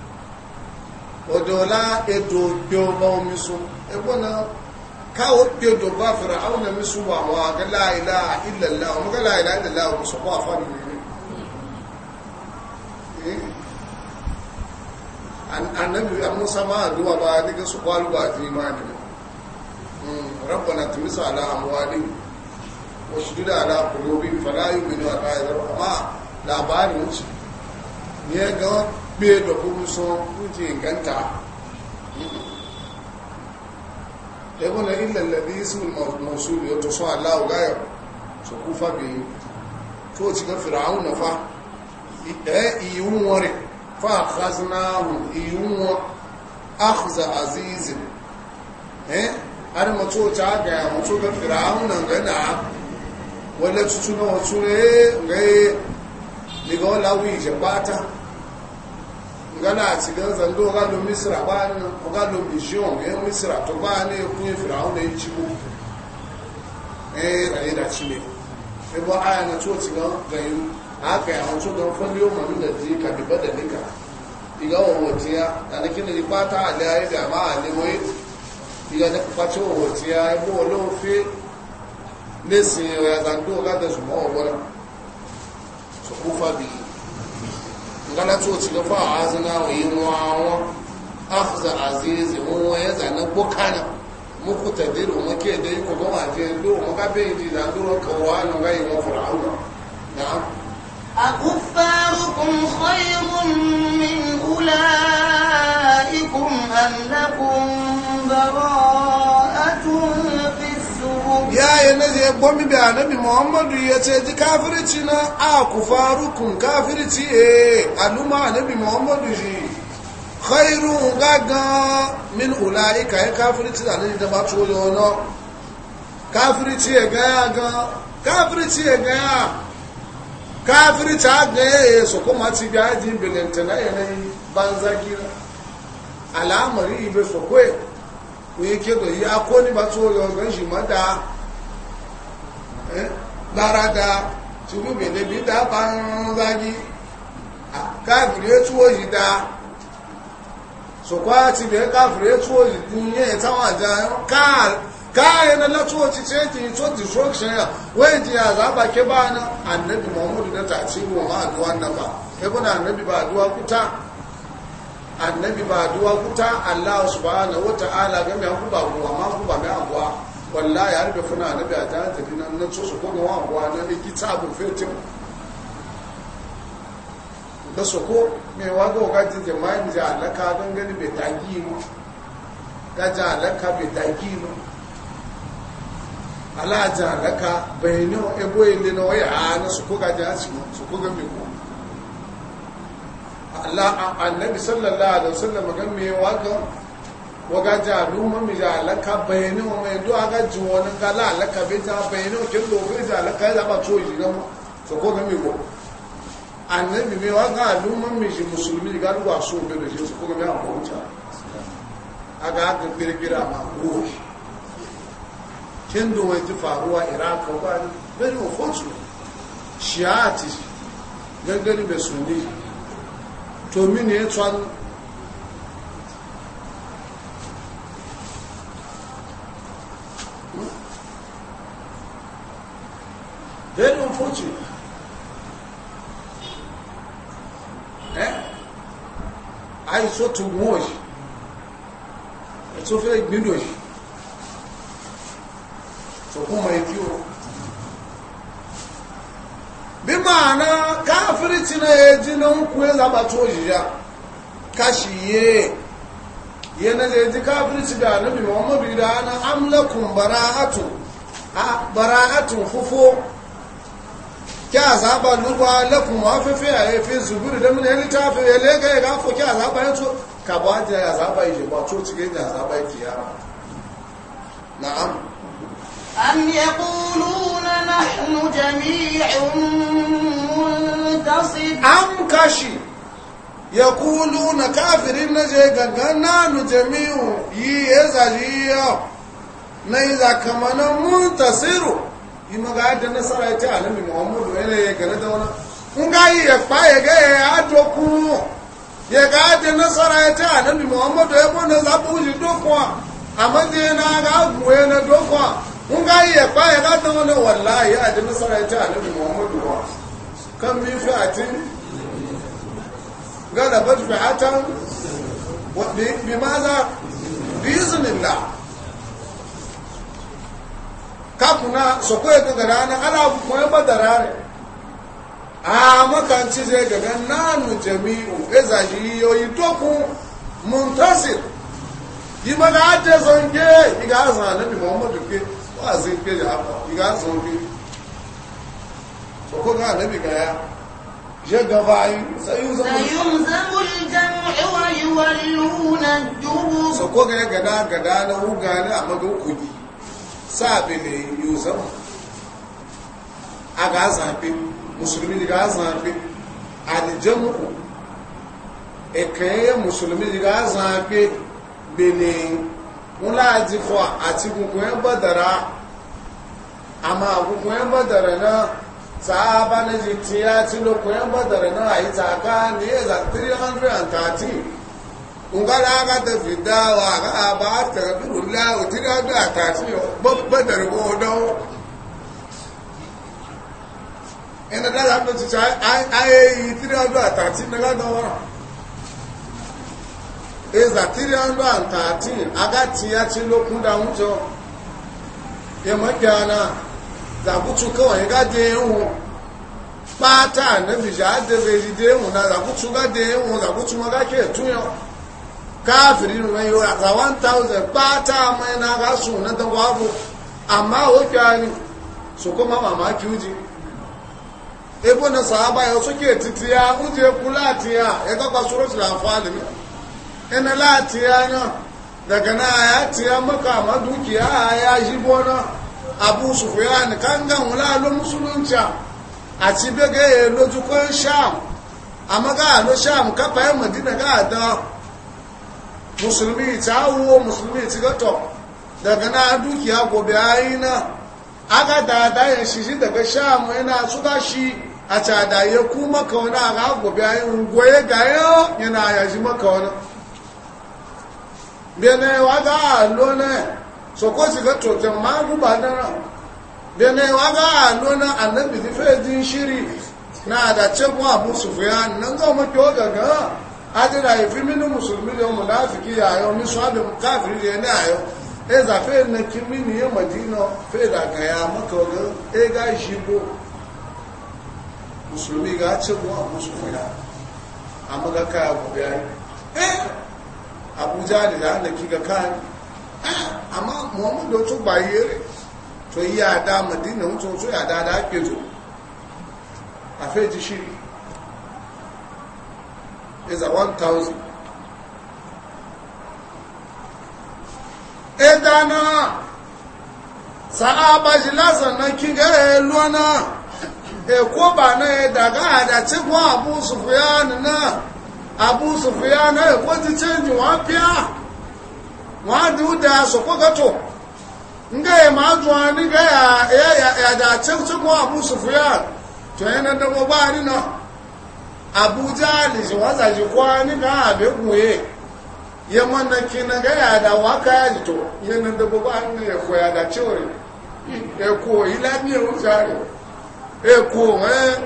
odola edo gbe ba mi so e bona ka o gbe do ba wa ga la ilaha ga la ilaha illa allah so annabi an musa ma addu'a ba daga su kwalu ba fi imani hmm, rabbana tumisa ala amwalin wa shududa ala qulubin fala yu'minu ala ayyaru amma labarin su ne ga be da kuma so kuje ganta yabo na illa alladhi su mawsul ya to so Allah ga ya so kufa bi to ci ga fir'auna fa eh iyu wore fa'akhaznahu iyuwa akhza azizin eh har mutu ta ga mutu ga fir'auna gana wala tutuna wasu ne ngai daga wala wi je bata ngana ci ga zando ga lo misra ba ni ga lo to ba ni ku fir'auna eh ai da na Ha ya wancu don fali yau da ji ka da nika iga wa wotiya da nake da riba ta aliya ya ga ma alimoyi iga na kwace wa wotiya ya bo wa lofe ya zando ga da su mawa su kufa bi ngana to ci ga fa wa yi muawa akhza aziz mu ya zana bukana muku tadiru muke dai ko goma je do أكفاركم خير من أولئكم أم لكم براءة ya yi na zai gbomi bi annabi muhammadu ya ce ji kafirci na aku farukun kafirci e anuma annabi muhammadu ji khairu gaga min ulaika ya kafirci da annabi da ba tsoro no kafirci ya ga ga kafiri ta gaye su kuma ci gajin bilintana yanayi banza gina al'amari ibe su kwe kuyi ke doyi yi akoni ba tso yau gan shi mada lara da ti tunu da bi da banza a kafiri ya tuwo yi da su kwa ci bai kafiri ya tuwo yi dunye ta wajen ka Kayan na latoci ce ki yi tsohon destruction ya wai ji ya ba ke ba na annabi muhammadu na taci wa ma aduwa na ba ebe guna annabi ba aduwa kuta annabi ba aduwa kuta allah na wata ala game ya kuba kuwa ma kuba mai abuwa wallahi har da funa annabi a ta tafi nan na tsoso ko ga abuwa na iki ki ta abu fetin da ko mai waga wakati jama'in ji alaka don gani bai tagi mu ta ji alaka bai dagi mu alaja alaka bayanin ebo ile na waya a na su koga jaci su koga mai ko annabi sallallahu alaihi wasallam ga me waka waga ja luma mi ja alaka bayanin mai do aga ji wani kala alaka bai ja bayanin kin do be ja alaka ya ba to yi na su koga mai ko annabi me waka luma mi ji musulmi ga ruwa so be da su koga mai ko ta aga ga kirkira ma ko kin da wai ta faruwa iraq ko ba ni very unfortunate shiati gangani be sunni to mini ya tsan very unfortunate eh ai so to mo yi to sokuma ya kiwo bi ma'ana kafirci na ya ji na hukun ya zaba tojiya kashi ye na zai ji kafirci da annabi muhammadu da ana amlakun bara'atu a bara'atun fufo kya zaba lugwa lakun wafafe a ya fi zubiri da mini ya littafi ya lega ya gafo kya zaba ya to ka ba ya zaba ya je ba to cikin ya zaba ya kiyama na'am أم يقولون نحن na منتصر أم كشي يقولون كافرين جيغا نحن جميع يزا جيو نيزا كمان منتصر ima ga da nasara ya ce alamin muhammadu yana ya gane da wani in ga yi ya fa ya ga ya adoku ya ga da nasara ya ce alamin muhammadu ya bane zaɓi wuce dokuwa a manzana ga goye na dokuwa mun ga ya baya na dan wani wallahi ya da nasara ta annabi Muhammadu wa kan min fi'atin galabat fi'atan wa bi za bi iznillah kakuna soko ya gagara na ala kuma badara ne a makanci zai gaga nanu jami'u ya zaji yoyi doku muntasir yi maga ate zonge iga azan annabi Muhammadu ke ba zai fiye da haka iga zobe so ko na nabi ga ya je gaba yi sayun zamul jam'u wa yuwalluna dubu so ko ga gada gada na huga ne a magan kudi sabe ne yuzam a ga zabe musulmi ga zabe alijamu ekaye musulmi ga zabe benin wọn láti fọ àti gungun ẹ bọ́dàrà àmà gungun ẹ bọ́dàrà náà sáábà ní ti tí á tí lókun ẹ bọ́dàrà náà àyí tààká ní ẹ̀zà 330 ngala aka tafi dawa aka aba tẹ̀rẹ̀dúró láwọ̀ 330 bọ́dàrà kó dánwó ẹnìkan láti tuntun ayé yìí 330 nígbà dánwó eza 313 agati ya ci lokunda wujo ya magana zagutu kawai gaje yawon pata na bija adere jide na zagutu gaje yawon zagutu magake tuyo káàfìrí rẹ̀ yóò àgbà 1000 pátá àmọ́ ẹ̀nà agásùn náà dánwò ábò àmá òkè àrí ṣòkó má màmá kí ó jí ebó na sàábáyọ sókè títí ya ó ina latiya na daga na ya tiya maka ma dukiya ya ji bona abu sufiyan kan gan wala lo musulunci a ci bege loju ko sham amma ga lo sham ka fa madina ga da musulmi ta wo musulmi ti ga to daga na dukiya gobe ayina aga da da ya shi daga sham yana e suka shi a cada ya ku maka wani a ga ayin goye ga yau yana yaji maka wani benewa ga alo na soko si ga totem ma guba dana benewa ga alo na annabi ti fe din shiri na da cebu abu sufiyan nan ga mu kyo gaga adira ifi minu musulmi da mu lafiki ya yo mi so adu kafiri da ne ayo e za fe na kimi ni ya madina fe da ga ya maka ga e ga shibo musulmi ga cebu abu sufiyan amma ga ka abu bai eh abuja da da da kiga kan amma muhammadu wato ba yi yare to yi yada madina mutum to yada da ake zo a feji shi is a 1000 edana sahaba jilasa na kiga eluwa na eko ba na e daga adace kwa abu sufiya na abu sufiya na ẹ̀kọ́ ti change wọ́n píá wọ́n di ó da sọ̀kọ́ gẹ́tọ̀ nga yẹ máa jọ ní gẹ́yà ẹ̀yàdà chẹ́kọ́ abu sufiya tó yẹn na dọ́gbọ́ bá nínú abu jáàlì sí wọ́n sàjì kọ́ àbẹ́kùn yẹ yẹ mọ́ na kí na gẹ́yà da wọ́n ká yàjì tó yẹn na dọ́gbọ́ bá nínú ẹ̀kọ́ yàdà chẹ́wọ̀rẹ̀ ẹ̀kọ́ ìlànà ẹ̀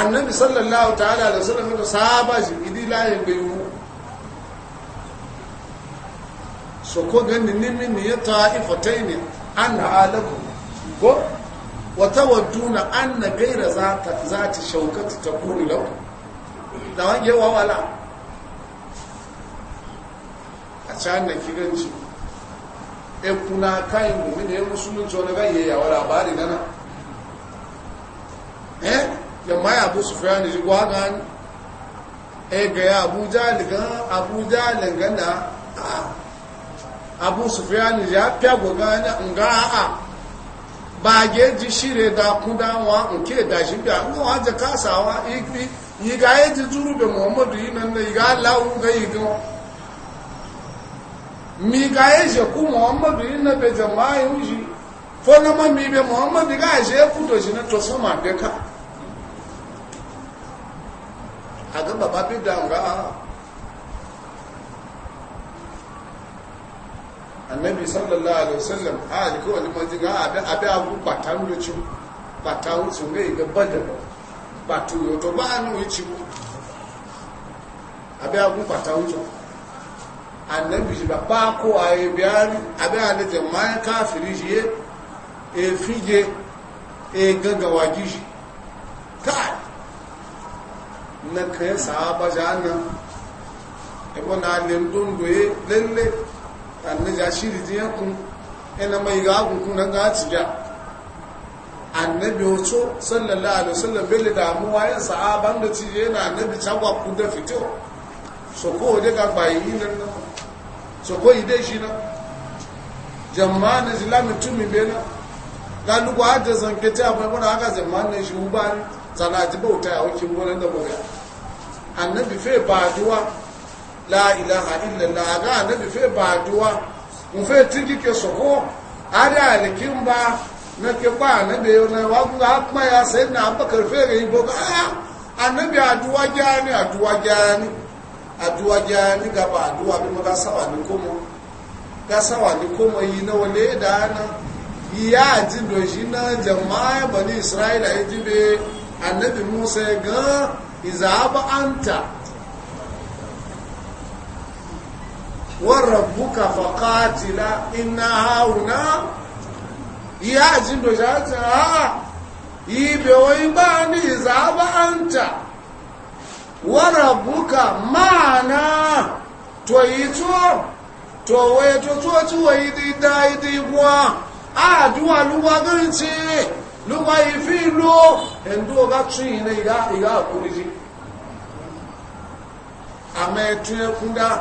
annabi sallallahu ta'ala da sallam da saba shi idi layin bai wu so ko gani nimi ne ya ne an halakum ko wa na gaira za zata shaukata ta kuri lau da wange wa wala a can da kiganci e kuna kai gumi ne musulunci wani ga yayi wa labari nana eh yamma ya abu sufyan ji gwagan e ga ya abu jaligan abu jaligan na abu sufyan ya pya goga nga a ba ge ji shire da kuda wa nke da shi ga mu wa ikpi kasawa yi ga ya ji zuru be muhammadu yi nan ne ga lawu ga yi ga mi ga ya e je ku muhammadu yi na be jama'a yi fo na ma mi be muhammadu ga je futo shi na to so ma kan bàbá bí dáhùn rá annabi sallallahu alaihi wasallam a ni ko wani manzi ga abi abi abu patan da ci patan su ne ga bada patu yo to ba anu yi ci abi abu patan jo annabi ji baba ko ayi biyari abi ane te mai kafiri ji e fije e gagawa ji kai na kayan sahaba jana ebo na alin dondo ye lalle ne ja shiri jiyan kun ina mai ga kun na ga tiya annabi hoto sallallahu alaihi wasallam bele da mu wayan sahaban da ci yana annabi chagwa ku da fito so ko de ga bayi nan so ko ide shi na jama'an islami tumi bena galu ko hadda zanke ta bai mun haka jama'an shi ubani zana ji bauta ya wuce wani da gobe annabi fe ba duwa la ilaha illallah ga annabi fe ba duwa mu fe tigi ke soko ada alikin ba na ke ba annabi na wa ku ga kuma ya sai na abakar fe ga ibo ga ah, annabi aduwa jani aduwa jani aduwa jani ga ba aduwa bi maga sawa ni komo ga sawa ni komo yi na wale da na ya ji na jama'a bani isra'ila ya ji jibe annabi musa ya ga izaba anta warabbuka faqatila ina hauna ya jindo jaja ah, ibe oyimbani izaba anta warabbuka mana toyito towe totoci wayidi daidi bwa aduwa luwa ganci lugha ifilo enduo gatwine iga iga kuliji ametwe kunda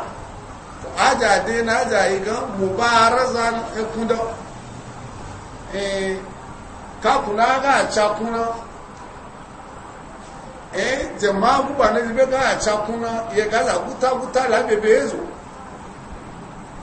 aja de na aja iga mubarazan ekunda eh kakuna e, ga chakuna eh jamaa kubana zibeka chakuna ye la guta guta la bebezo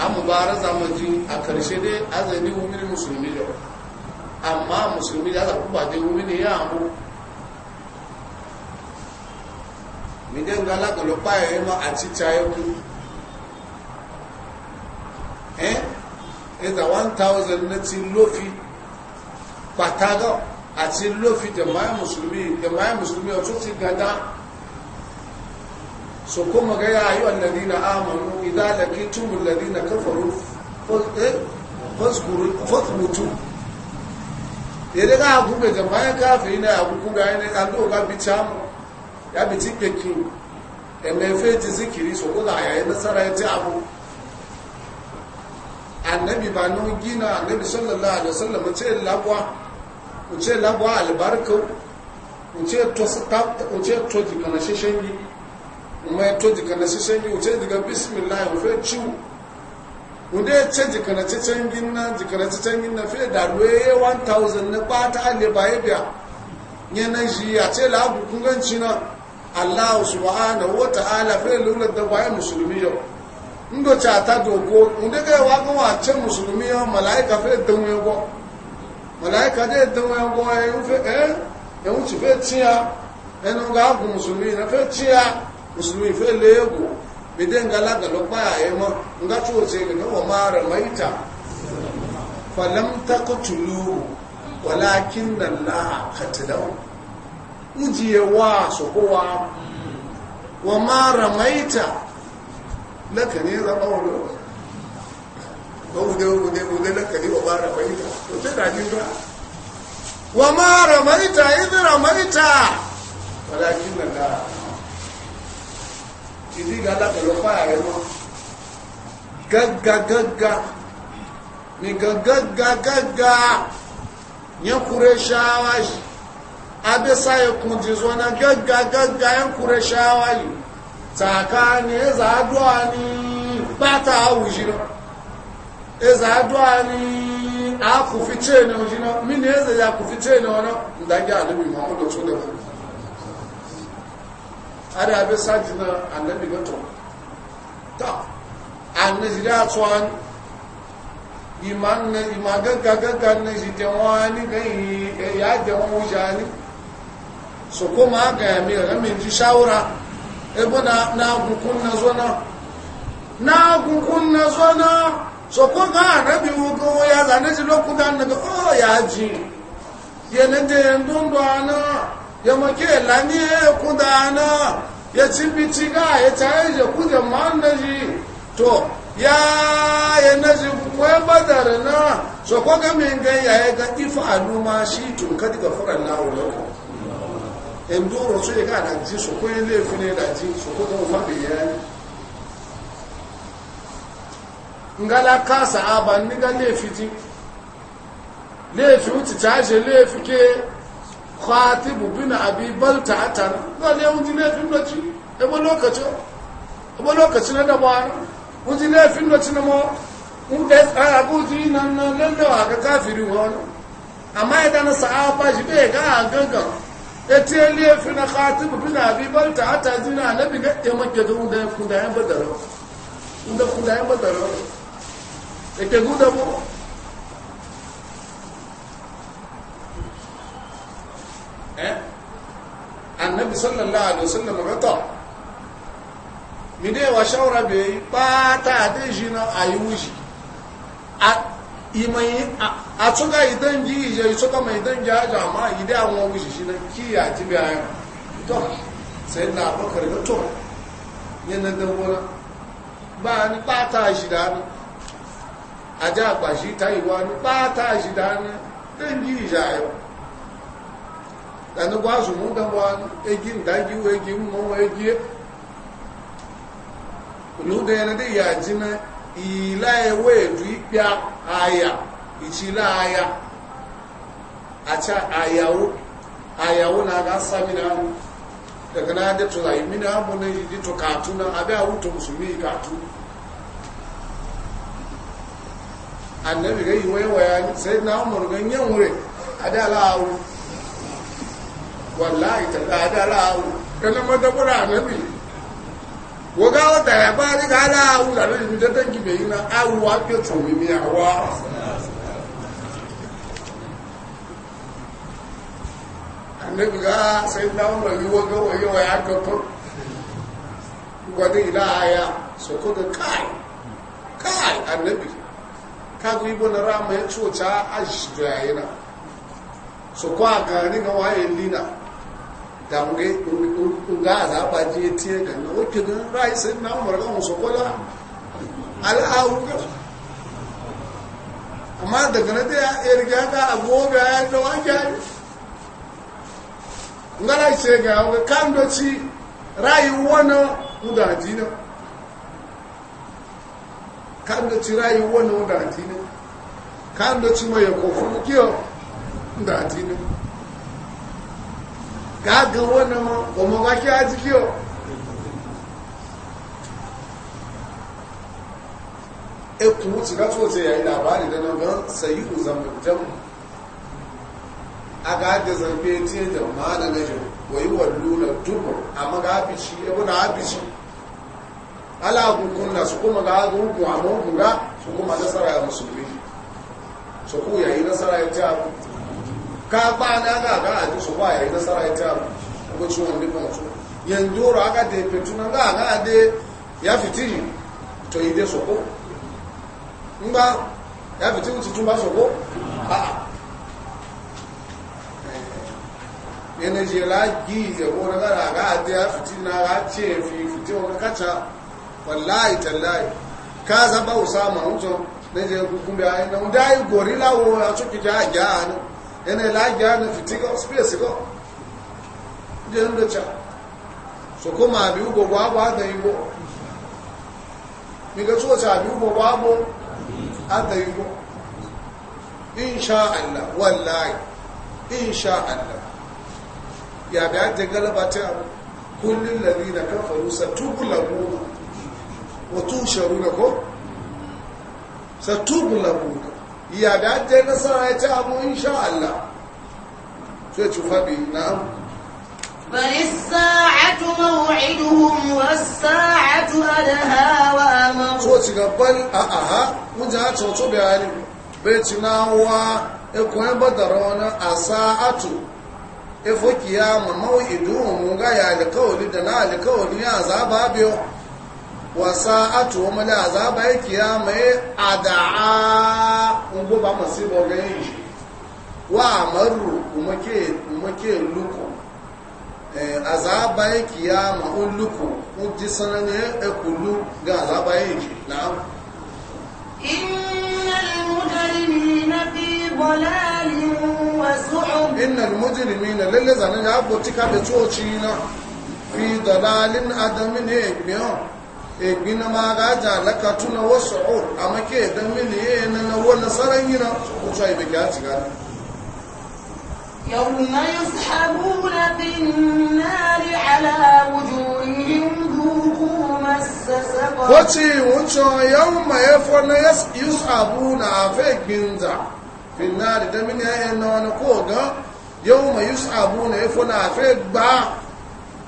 a mubaraza maji a karshe dai azani wumini musulmi da amma musulmi da zaɓi ba dai wumini ya amu midan gala galopa ya yi ma a cica ya ku eh ita 1000 na ci lofi patago a ci lofi da maya musulmi da maya musulmi a cikin gada so kuma ga ya ayyuhan ladina amanu idza laqitum alladina kafaru fazkuru eh, fazmutu yadda ga ku ga jama'a kafiri na ku ku ga ne an ga bicam ya bi ci bici peki emefe ti zikiri so ko ga yayin nasara ya ci abu annabi ba nun gina annabi sallallahu alaihi wasallam ce mu ce labwa albarka ce to ta ce to ji kana sheshen ma to jika na shishen gi wuce daga bismillah wufe ciwo wude ce jika na cicen ginna jika na cicen ginna fe da 1000 na bata ale baye e biya yana shi ya ce na allah subhanahu wa ta'ala fe lura da baye musulmi yau ndo cha ta dogo wude ga wa ga wa musulmi yau malaika fe dan yago malaika de dan yago ya e fe eh ya wuce ga agun musulmi na fe musulmi fele yego bidin gala galo baya yi ma nga coce ga wa mara maita falam ta kutulu walakin da la katilau ujiye wa su kowa wamara maita laka ne raba wani ba wude wude wude laka ne maita to ta daji Wa mara maita idira maita walakin da la ìdí ìgbà látọ̀lọ́ fáyà rẹ̀ mọ́ gágagágá nìkan gágagágá yẹn kúrẹ́ ṣáwá yìí abẹ́sáyẹ̀ kùn ti sọ gágagágá yẹn kúrẹ́ ṣáwá yìí tààkà ni ẹ̀zà àdúrà ni bàtà àwùjìnà ẹ̀zà àdúrà ni àkùfìtì ẹ̀nà òjìnà mí ni ẹ̀zà àkùfìtì ẹ̀nà ọ̀nà ìdájọ́ àdébìmọ̀ ọ̀dọ̀ tó lẹ́wọ̀n ada abe saji na annabi gato ta annabi da tsohon ima gaggagagga na shi denwa ni ganyi ya denwa wuja ni so kuma aka yami ramin ji shawara ebe na gukun na zona na gukun na zona so kuma annabi wugo ya zane ji lokuta na ga o ya ji yanayin da yanzu ana yamake lani kuda kudana ya ci bitiga ya tare da kuda mannaji to ya ya naji kwai badar na so ko ga min ga ya ga ifalu ma shi to kadi diga fara lahu lako en duro so ga da ji so ko le ne da ji so ko ga ma be ya ngala ka sahaba ni ga le fiti le fi uti taje le fi ke khatibu bin abi balta ebo ebo na da bawa wujin laifin doci na mo da tsara nan nan ga amma idan ga khatibu bin abi balta ata zina nabi ya da da guda annabi sallallahu alaihi wasallam gato mi wa shawara be ba ta da shi ayuji a imai a tsoga idan ji je tsoga mai idan ja ja ma idan an wani shi na kiya ti bi ayo to sai na bakar ga to ne na da wala ba ni ba ta shi da ni a ja shi ta yi wa ni ba ta shi da ni dan ji ja ayo dani gwazu mun ga wani egin dagi wo egin mun wo egie nu de na de ya jina ila ewe du ipia aya ichila aya acha ayawo ayawo na ga samina daga na de to lai mina mun ne di to katuna abi awu to musumi katu annabi ga yi wayo ya sai na umar ganyen wure adala awu wallahi ta da lawo kana madabura nabi woga wata ya ba ni ga lawo da ni da tanki be ina awu wa pe to mi mi awa annabi ga sai da mu yi woga woga wa ya ka to gwada ila aya so ko ga kai kai annabi ka ku ibo na rama ya cuta ajiya so ko a gani ga waye lina da muge unga za ba ji tiye ga na wuce gan rai sai na umar ga musu kola al'awu ga amma daga na da ya riga ga agoga ya da wake ne nga rai sai ga ga kan doci rai wona uda jina kan doci rai wona uda jina kan doci mai kofu kiyo uda jina Gagawa owó na wọn ọmọ wá kí á ti kí ọ ẹkùn ti ká tó ṣe yà ilẹ̀ àbáàlì dáná gan sayi kò zambẹ̀tẹ̀mù a ga da zambe tiye da mana na jin wai wallo na dubur amma ga abici yabo na abici ala hukun na su kuma ga hukun amma hukun ga su kuma nasara ya musulmi su ku yayi nasara ya ta ka ba na ga ga a ji su ba ya yi nasara ya ta ko ci wani ba su yan doro aka da fitu na ga ga de ya fiti to yi de soko in ba ya fiti wuce tun ba soko ba, yana eh, je la ya ko na ga ga de ya fiti na ga ce fi fiti wani kaca wallahi tallahi ka zaba usama wuce na je kukumbe a yi na wanda ya yi gorila wo a cikin jaha jaha ene laja na fitiga space go je ndo cha so kuma bi ugo gwabo ada yugo miga so cha bi ugo gwabo ada yugo insha Allah wallahi insha Allah ya bi ate galaba ta kullul ladina kafaru satughlabuna wa tusharuna ya da ta nasara ya ci abu insha Allah sai ci faɗi na'am bari sa'atu maw'iduhum was-sa'atu adha wa amam a aha to bayani e koyan a sa'atu e fo kiyama maw'iduhum ga ya alkawli da na alkawli ya azaba biyo wasa'atu wa mala azaba ya kiyama ya ada'a ungo ba masiba ga yi wa maru umake umake luko eh azaba ya kiyama uluko uji sanan ya ekulu ga azaba ya yi na'am innal mujrimina fi dhalalin wa su'ub innal mujrimina lalle zanan ya abutika da coci na fi dalalin adamin ne biyan ebina ma ga ja laka tuna wasu ur amma ke dan mini e na na wannan saran yana ku ta yi bakin ciga yawma e yashabuna bin nari ala wujuhihim dhuku massasaba wati wucho yawma yafuna yashabuna fa ginza fin nari dan mini e na wannan ko ga yawma yashabuna yafuna e fa ba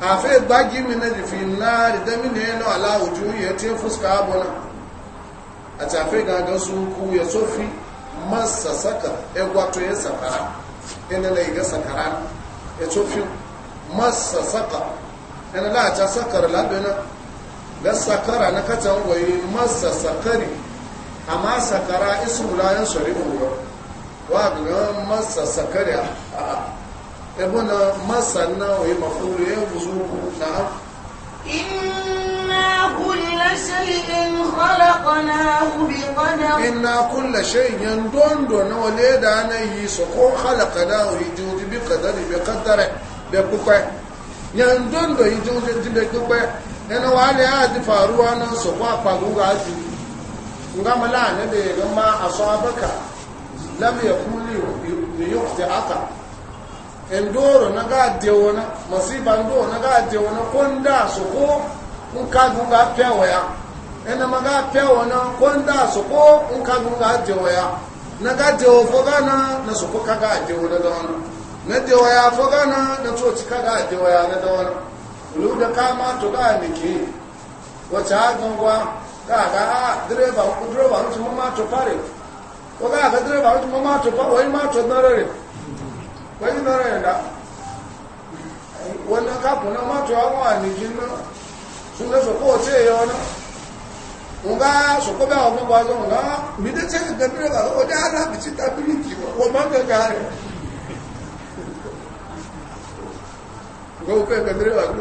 afe gbagi na jifi naari dami ne no ala oju ya te fuska abona ati afe gaga su ku ya sofi masa saka egwa ya ye sakara ene na iga sakara ya sofi masa saka Ina la aja sakara la bena ga sakara na kata ngoyi masa sakari amma sakara isu la yan wa ga masa sakari a ebona masanna wa mafulu ya buzuku na'am inna kulla shay'in khalaqnahu biqadar inna kulla shay'in dondo na wale da na yi so ko khalaqnahu yujudu biqadari biqadara da kuka yan dondo yujudu da kuka yana wale ya ji faruwa nan so kwa paguga ji ngama la ne da ma asabaka lam yakuli yuqti aka endoro na ga dewona masiba ndo na ga dewona konda so ko nka ga pewa ya ena maga pewa na konda so ko nka ga dewa ya na ga dewo fogana na so ko kaga dewona don na dewa ya fogana na to kaga dewa ya na don lu da kama to ga niki wacha gungwa kaga direba direba mutum ma to pare ko ga direba mutum ma to pare wai ma to dare wọ́n náà rẹ̀ dá wọ́n náà kápùn náà mọ́tò àwọn àníjí náà tún lè sọ̀kọ́ òtí èyẹ ọ̀nà wọ́n bá sọ̀kọ́ bá ọmọ bá lọ́wọ́ náà mídé tí ó gbẹ̀mí rẹ̀ lọ́wọ́ dá alábì tí tábìlì kì wọ́n máa ń gẹ̀gà rẹ̀ wọ́n pẹ́ gbẹ̀mí rẹ̀ lọ́wọ́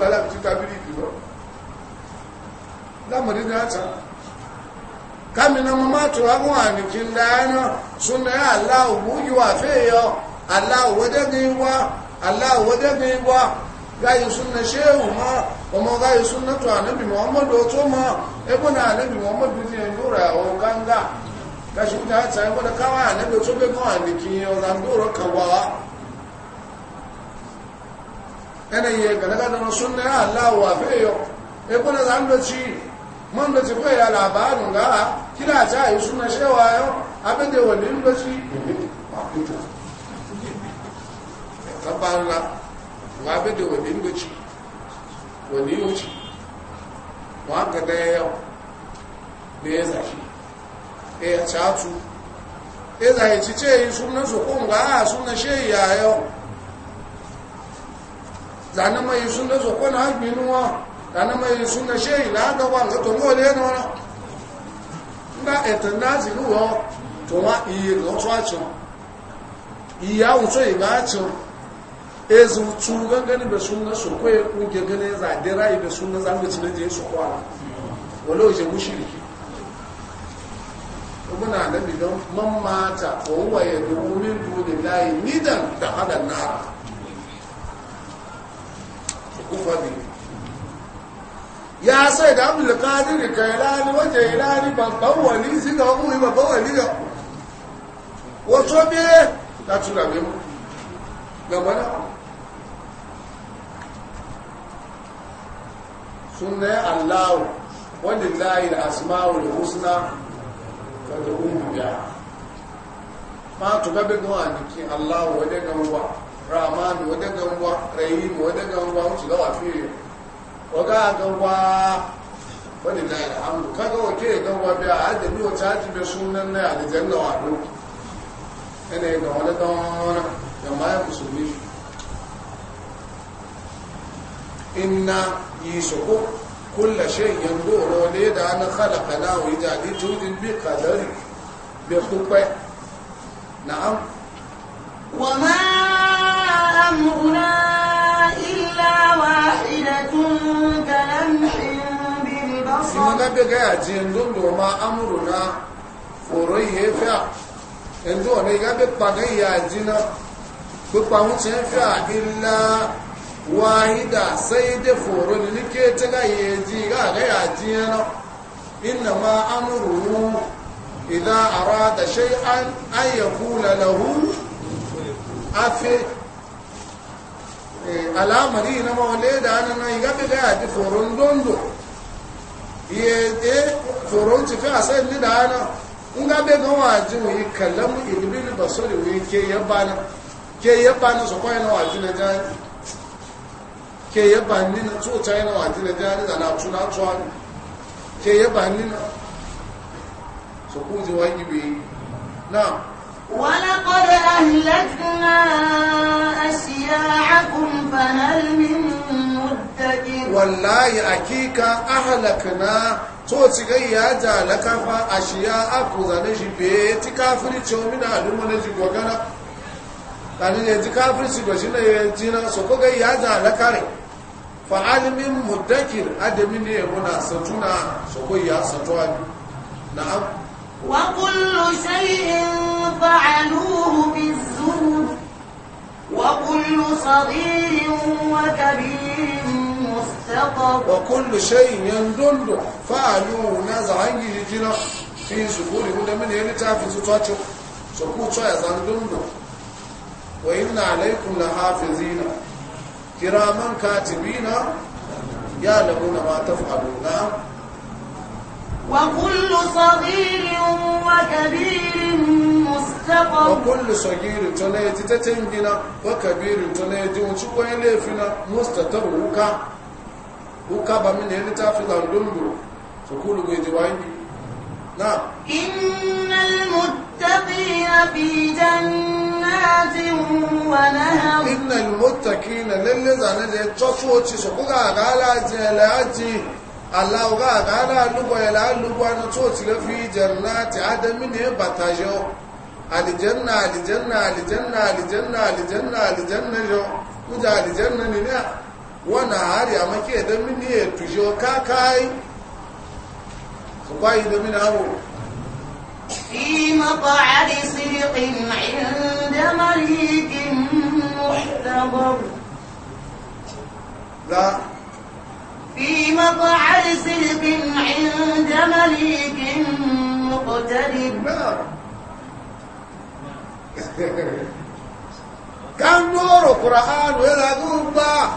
Allah wadami wa Allah wadami wa gayi sunna shehu ma ọmọ gayi sunna to anabi Muhammad o to ma ebo na anabi Muhammad ni ndura o ganga gashi ta ta ebo da kawa anabi to be kon aniki o zan duro kawa ene ye galaga da sunna Allah wa fe yo ebo na zan do ci man do ci ko ya labarin ga kira ta yi suna shewa yo abin da wani do ci tabanga wa be da wani indoci wani yuci wa ga daya yau da ya zafi e ya catu e za ya ce yi sunan su kunga a sunan shehi ya yau zanen mai sunan su kuna hajjinuwa zanen mai sunan shehi na gaba ga tongo da yana wani nga ẹ̀tàn láti lúwọ́ tó wá iye lọ́tọ́ àtọ́ ìyá òtún ìbá àtọ́ Ezu, zu tu gangani be sunna su ko e ku ge gane za de rai be sunna za mu tsine je su kwa wala je mushriki muna nabi don man mata wa huwa yad'u min dunillahi nidan da hada nar ku fa bi ya sai da abdul qadir kailani waje ilani babban wali shi ga mu babban wali ga wato be ta tura be mu gaba na Sunan ya allahu wadda layi da asma'u husna ka da umu biya ma tuba bi gawa niki allahu wadda ganwa rahman wadda ganwa rahim wadda ganwa wuce da wafi waga ganwa wadda layi da hamdu kaga wake ganwa biya a da biyo ta ji bi sunan na alijanna wa doki yana yi ga wani gawa wani jama'a musulmi inna yi soko kulla shayin doro ne da na halaka na wai jadi tudin bi kadari bi kukwai na'am wa ma amruna illa wahidatun kalamhin bil basar mun ga ga yajin do ma amuruna amruna foroi hefa yanzu ne ga be pagai yajina ko pa mun sai fa illa wahida sai da foro ne nike ta ga yaji ga ga ji yana inna ma amruhu idza arada shai, an ya yaqula lahu afi eh, alamari na mawale da hannun nan ga ga yaji foron dondo ye e foron ci fa sai ni da hannun in ga be ga waji wi kallamu ilbil basari wi ke yabana ke yabana so ko yana waji na jani ke yaba nina tso china wa jina jani za na tuna tsuwa ke yaba nina so ku ji wa gibi na ولقد أهلكنا أشياعكم فهل من مدكر والله أكيكا أهلكنا tsoci gai ya ja lakafa a shiya aku zane shi be ti kafirci omina alumma na jigogana ɗanin yanzu kafirci da shi na yanzu na so kogai ya ja lakare fa'alimin mudakir adami ne muna satuna sakwai ya satuwa na'am wa kullu shay'in fa'aluhu bizzur wa kullu sadirin wa kabirin mustaqab wa kullu shay'in yandundu fa'aluhu na zahangi jijina fi sukuri da mini yana tafi su ce, su ku zan zandundu wa inna alaikum la hafizina kiraman katibina ya labuna ma na wa kullu saghirin wa kabirin mustaqam wa kullu saghirin tunayti tatangina wa kabirin tunayti wuci ko ile fina mustataruka wuka ba min fi kulu نعم إن المتقين في جنات ونهر إن المتقين للي زانة تصوتي سكوكا غالا جلاتي الله غالا لبا يلا لبا نتصوتي في جنات عدم من باتاجو alijanna alijanna alijanna alijanna alijanna alijanna jo kuja alijanna ne ne wannan hari a make da mini ya فقايد من أبو في مقعد صدق عند مليك محتضر لا في مقعد صدق عند مليك مقتدر كم نور قرآن ولا قربه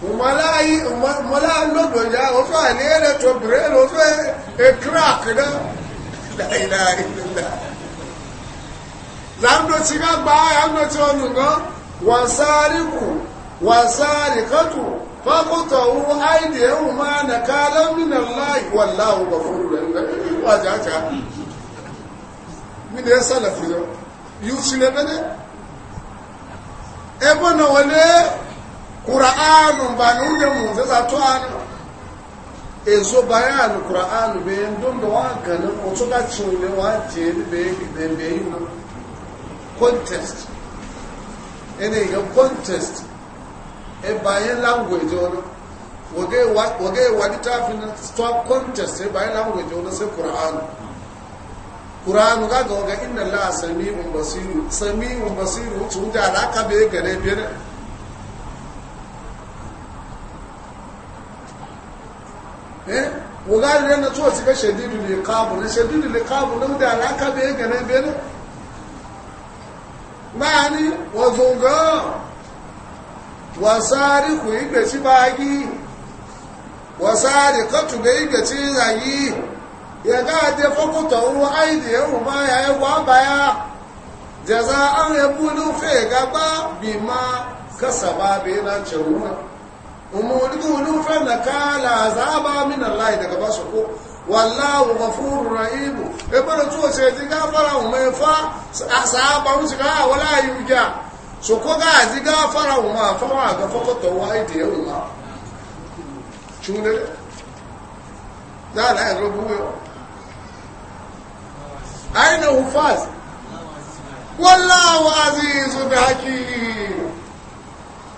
mọ́lá lọ́dọ̀ ya ó fẹ́ àní ẹ̀rẹ́ tó bèrè ló fẹ́ ekrak náà láìláà ìlúlá láńdó ti ká gba àyàndó tí wọn nìkan wọ́n sáré kù wọ́n sáré kọ́tù fọ́kútọ̀ owó àìdè ẹ̀hùn máa nà ká lọ́mìnà láì wà láwọn ọ̀gbọ̀n fún ƙura'anu ba nuna mujiza to an ezo bayan ƙura'anu bayan don da wankanin otu ga cune wace ne bayan bayan nan contest ene ga contest e bayan language wani wage wani tafi fina stop contest e bayan language wani sai ƙura'anu ƙura'anu ga ga waga inna la sami'un basiru sami'un basiru wuce wuce alaka bayan gane biyanar eh wuga ne na to siga shadidu liqabu na shadidu liqabu na da alaka be ga ne be ne mani wa zunga wa ku yi gaci bagi wa katu be yi gaci zagi ya ga de fokuto ru aidi e ru ba ya e wa ba ya jaza an yabulu fe gaba bima kasaba be na chawuna umududu fa nakala azaba min Allah daga basu ko wallahu ghafurur rahim e bana to se ti gafara o me fa azaba o siga wala yuja so ko ga ti gafara o ma fa wa ga foko to wa ide o ma chune da la e robu yo aina hufaz wallahu azizun hakim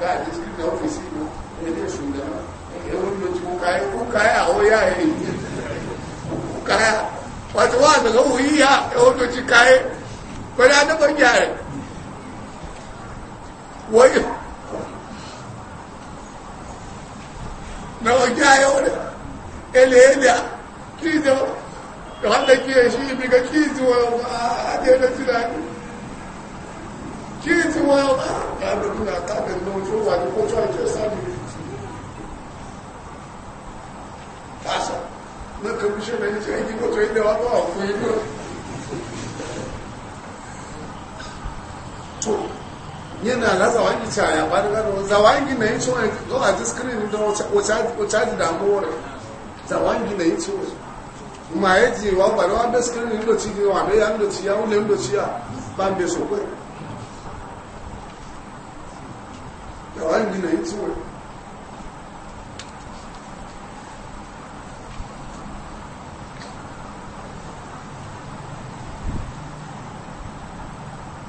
gáà é o ọ́fíìsì é ilé ìṣúná aí O ti kúkáyà o ó eu ẹ̀yìn kúkáyà wàtí wà daga wù yíyá ẹ̀wọ́n ló ti káyé é adábọ̀jà rẹ̀ wọ́yọ̀ náà ọjà eu ẹlẹ́ que a ni wọ́n lè o èṣí ibi kan kí ìtìwọ̀n àti ẹ̀lẹ́tìlá kí ìtìwọ̀n tábìlì ní àtàbìlì lóhun tí ó wà ní kójú àjẹ́ sáàbì fásà ní kọmíṣẹ́nà ní tí ó yí kó tó ilẹ̀ wá bọ́ ọ̀fún inú tó yana na zawangi ci a yaba da gano zawangi na yi tsohon zo a diskirin da wata ji damuwar zawangi na yi tsohon ma ya ji wa ba da wa diskirin da ci ne wa da ya da alkur'ani gina yin tsuwa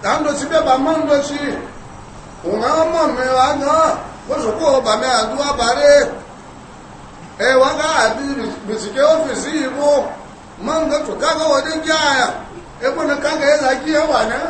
dáńdọ̀ sí bẹ́ẹ̀ bá mọ́ ń lọ sí òun á mọ̀ mi wá náà wọ́n sọ pé ọba mi àdúrà bàárẹ̀ ẹ wá ká àbí bìsìkẹ́ ọ́fíìsì yìí mọ́ mọ́ ń lọ tó ká kọ́wọ́ dé jẹ́ àyà ẹgbọ́n ká kẹ́ ẹ́ sàkíyẹ́ wà náà.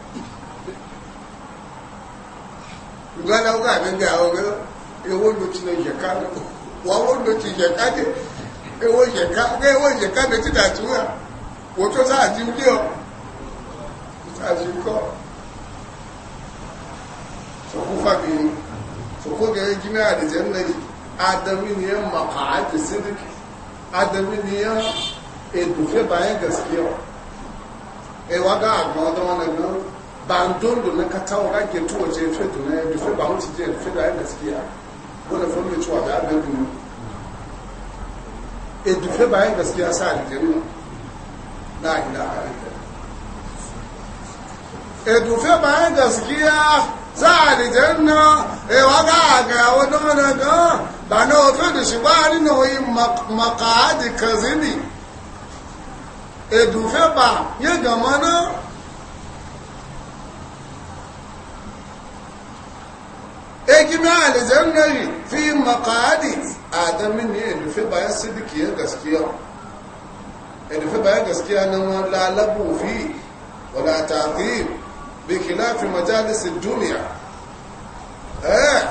lugana uga abinda ya ewo loti na jeka wa wo loti jeka de ewo jeka ge ewo jeka ti wo to sa ti o ko so ku fa bi so ge e de adami adami e du fe ba e wa ga agbo do na bandondo na katawa kake tuwa je fetu na ya dufe ba wuce je fetu a gaskiya. suke ya wanda fulmi tuwa da abin dunu e dufe ba yadda suke ya sa aljanu la ilaha illallah e dufe ba ya gaskiya? Za a za aljanna e waga ga wani wani ga ba na wafe da shi ba ni na wayi makaadi kazini e dufe ba ya gama na egime aljannari fi maqadi adamin ne ya nufi bayan sidiki ya gaskiya ya nufi bayan gaskiya na lalabu fi wala ta'zim bi khilafi majalis ad-dunya eh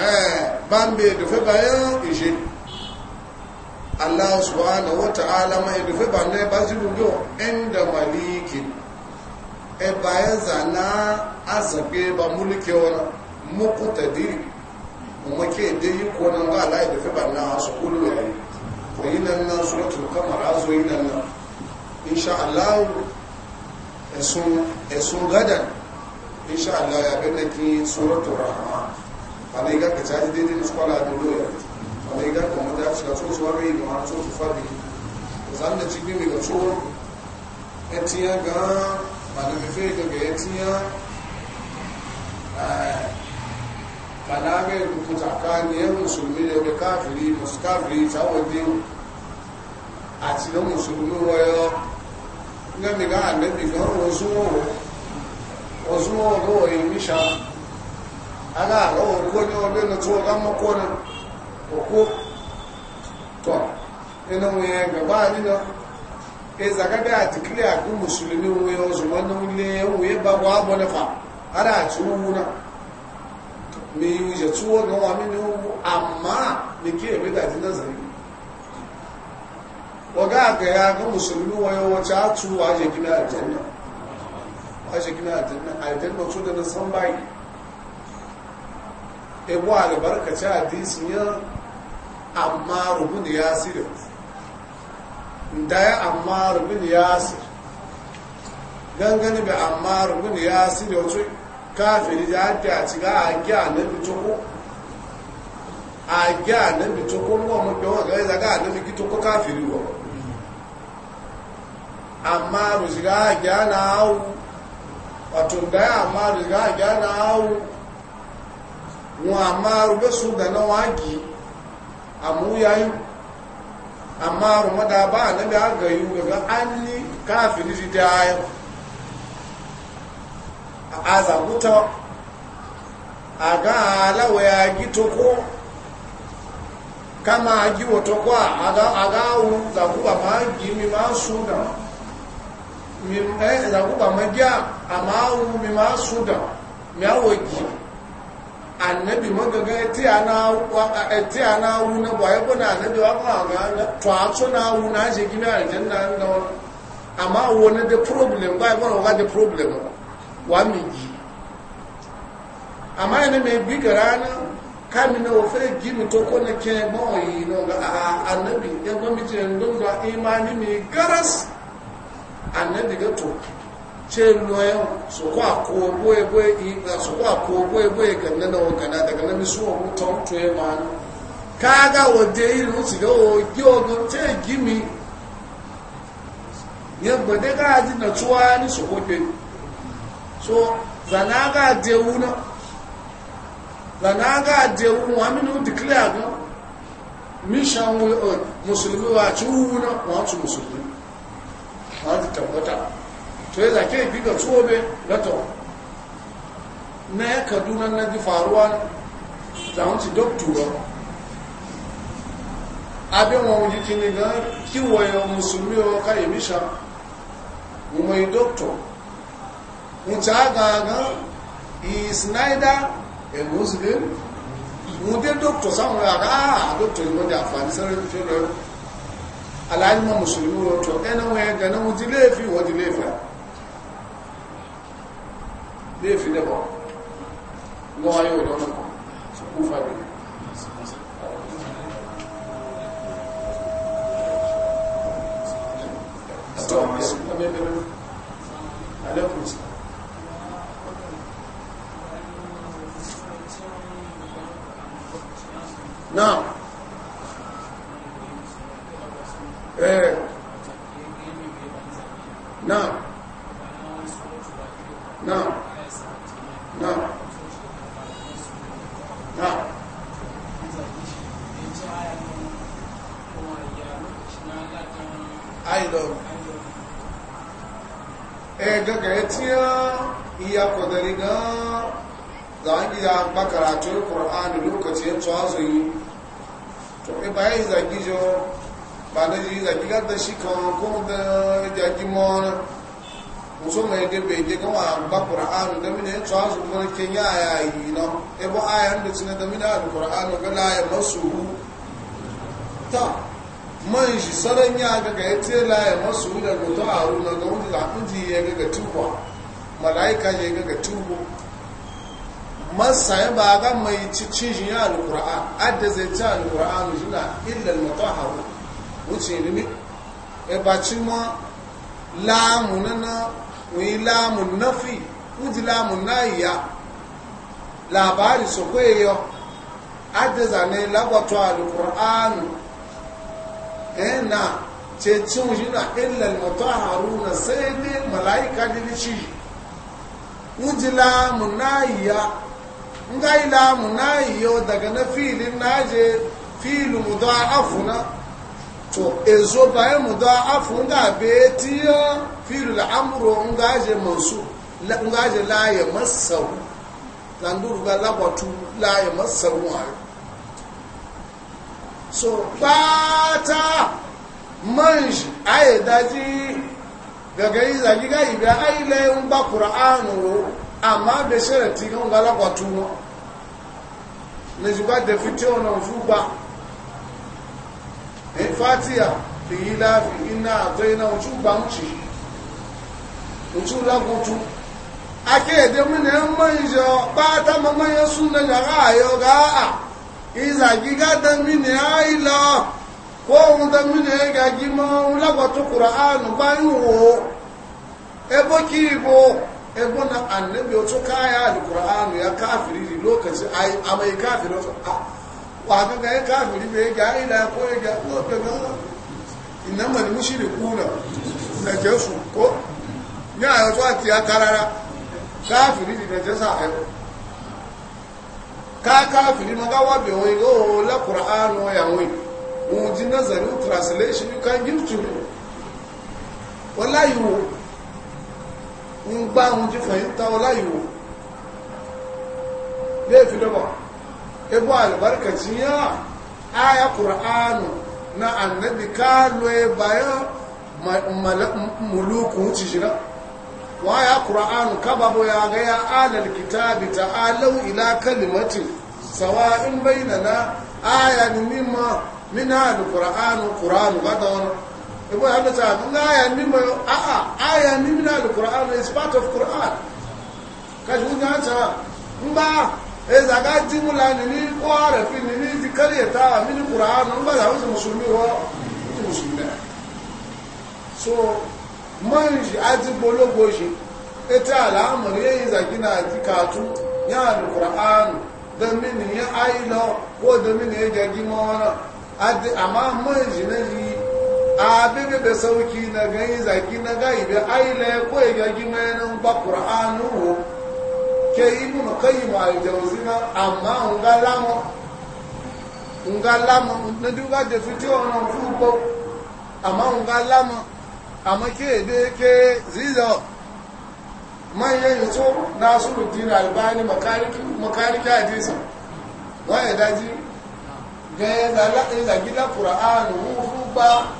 eh bambe nufi bayan ije Allah subhanahu wa ta'ala ma ya nufi bayan bazilu go inda malikin e bayan zana azabe ba mulke wani muqtadir kuma ke dai ko nan ga Allah da fi banna su kullu yayi ko yinan nan su wato kamar azo yinan nan insha Allah esun esun gadan insha Allah ya ganna ki suratul rahma bane ga ka taji dai din skola da loya bane ga ko mu da su ga so so wari mu har so su fadi zan da cikin mi ga so etiya ga ba da fe ga etiya eh mana ga yi rufu tsakaniyar musulmi da kafiri masu kafiri ta wajen a cikin musulmi wayo ga mi ga annabi ga wasu wasu ga wayin misha ana ga wako ne wabe na tuwa ga makona wako to ina wuya gaba ni na e zaka ga a tikiri a kun musulmi wuya wasu wannan wuya wuya ba wa abu na fa ana a cikin wuna me yi wuce tuwo ga wa mini hu amma me ke bi da jin nazari waga ga ya ga musulmi wayo wace a tuwa je gina aljanna waje gina aljanna aljanna to da na san bayi ebo albarkaci hadisin ya amma rubun yasir da ya amma rubun yasir gangani bi amma rubun yasir wato káfìrí jẹ́ àti àtìgá àgẹ́ ànẹ́bí tó kó àgẹ́ ànẹ́bí tó kó mọ́ ọmọ pẹ̀wọ̀n gẹ́gẹ́ ìzàgá ànẹ́bí kí tó kó káfìrí wọ̀ àmà rùsìgá àgẹ́ ànáwó ọ̀tùndá àmà rùsìgá àgẹ́ ànáwó wọn àmà rùbẹ́sù dáná wọn àgì àmúyáyí àmà rùmọ́dá bá ànẹ́bí àgẹ́ yìí wọ́n gẹ́gẹ́ á ní káfìrí ti dá ayọ́ azaguta aga alawe agitoko kama ajiwo toko aga agawu zaguba maji mi masuda mi eh zaguba magia amawu mi masuda mi awoji annabi magaga ti ana wa eti ana wu na boye ko na annabi wa kwa ga na aso na wu na je gimi aljanna ndo ama wo na de problem ba ko the problem wamiji amma yana mai biga rana kami na ofe gimi to kone ke mawayi na ga annabi ya gwamnati na don ga imani mai garas annabi ga to ce loyan su kwa ko boye boye su kwa ko boye boye ganna na wagana daga na misu wa mutum to ya e ma kaga wadda yi rusu ga o gyogo ce gimi yabba daga ajin na tuwa ni su kofe so zanaga dewu na zanaga dewu eh, wa minu declare gan mission we on musulmi wa tuwu na wa tu musulmi wa ti tabbata to yaza ke bi ga tsobe lato na ya kaduna na ji faruwa ta wanci doktoro abin wọn wujikini gan kiwaye musulmi wa kayi mission mu mai doktoro wuce agagan is neither a muslim wọ́n dé dókítọ̀ sáwọn ará dókítọ̀ ìwọ́n dé àǹfààní sẹ́rẹ́ fẹ́rẹ́ aláìmọ̀ mùsùlùmí ọ̀tọ̀ ẹni wọn ẹgbẹ̀ náà wọ́n ti léèfì wọ́n ti léèfì léèfì lẹ́bọ̀ lọ́wọ́ ayé òdọ́nà kú fàbí Assalamu alaikum. Alaikum assalam. Now. Eh. Now. Now. Now. Now. náà náà idol ẹ̀gẹ̀gẹ̀ tí ó ìyàkọ̀dẹ̀rẹ̀ gan-an za a gida makaratun ƙura'ani lokacin tsazo yi to ɗi bayan zagi jo ba na ji zagi gada shi kan kuma da jagi mawana musu mai da bai da gama ba ƙura'ani da mini yin tsazo mulkin ya yayi na ebo ayan da suna da mini abu ƙura'ani ga laye masu hu ta man shi saran ya ga ya ce laye masu hu da mutu a runa ga wanda zaɓin ji ya ga tuba mala'ika ya ga ga masaya ba ga mai cikin shi ya alƙura'an adda zai ci alƙura'an shi na illal mutaharu wuce rimi e ba ci ma lamu na na wani lamu nafi wuji lamu na iya labari su kwaye yau adda zane lagwato alƙura'an ɗaya e na cecin shi na illal mutaharu na sai dai mala'ika da shi wujila munayiya ngai lamu na yiyo daga na filin je filu mudha'afu na to ezo baye mudha'afu nga betiyo filu al-amru ngaje mansu ngaje la ya masau landuru ga labatu la ya masau ayo so bata manji aye daji gaga izaji ga ibe aile un ba qur'anu amma da sharati kan galaba tuno na zuba da fito na zuba in fatiya fi yi ina atai na wucu ba wuce ake yadda mini yan manjo ba ta mamayen suna da ra'ayo ga'a iza ko ohun da ya gagi ma wo ebo ebona annabi wato kaya alkur'anu ya kafiri lokaci amai kafiri ga kafiri ga ila ga ga ni na jesu ko ya ati kafiri ka kafiri ya nazari translation you can give to me wallahi ń gbá ohun tí fẹ̀yìn ta ọláyìwò lè fi dọ́bọ̀ ebo albarka ci yana aya ƙura'anu na annabi kalo ya bayan mulukun ci jira wa ya ƙura'anu kababo ya ga ya alal kitabi alau ila kalimatin sawa'in bainana aya ni mimma min hadu ƙura'anu ƙura'anu wani ibu ya da ta ga aya ni ma a a aya ni min alquran is part of quran ka ju ga ta mba e za ga ti mu la ni ko ara fi ni ti kare ta min quran mba za mu musulmi wa ti musulmi so man ji aji bologo shi ita al'amur yayin zaki na ji katu ya Quran. Demi min ya ailo ko da min ya gagi ma wana amma man na ji abin da sauki na gani zaki na gai da aile ko ya gi menin ba qur'anu ke ibn qayyim al-jawzina amma ungalamo ungalamo na duga da fito on fuko amma ungalamo amma ke de ke zizo man ya yato na albani makariki makariki hadisi wa ya daji ga ya zala ila gida qur'anu fuba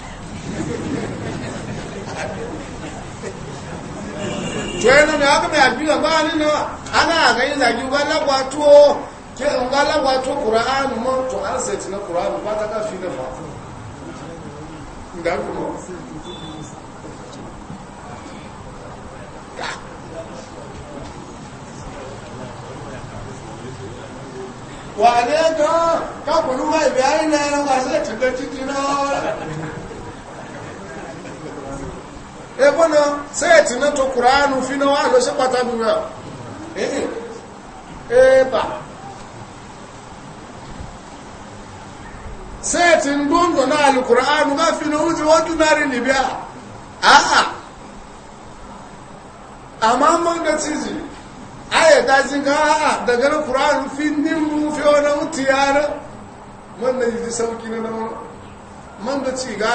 twena ne aka mai abila ba ana ga yin zagi ba la wato ke in ga la wato qur'an an sai na qur'an ba ta kafi na fa nda ko wa ne ka ka kulu mai bayani na ga sai ta ebona seti náà tó kùránù fínà wá lọ sí pàtàkì rẹ̀ ẹ̀ẹ́bà sẹ́ẹ̀tì ń gbóǹgọ̀ náà lù kùránù bá fínà ó ti wọ́n dúnárì nìbí àà àmá mọ́ngá daga na kùránù fi nímú fi ọ̀nà ó ti yára sauki na náà mọ́ngá tí ga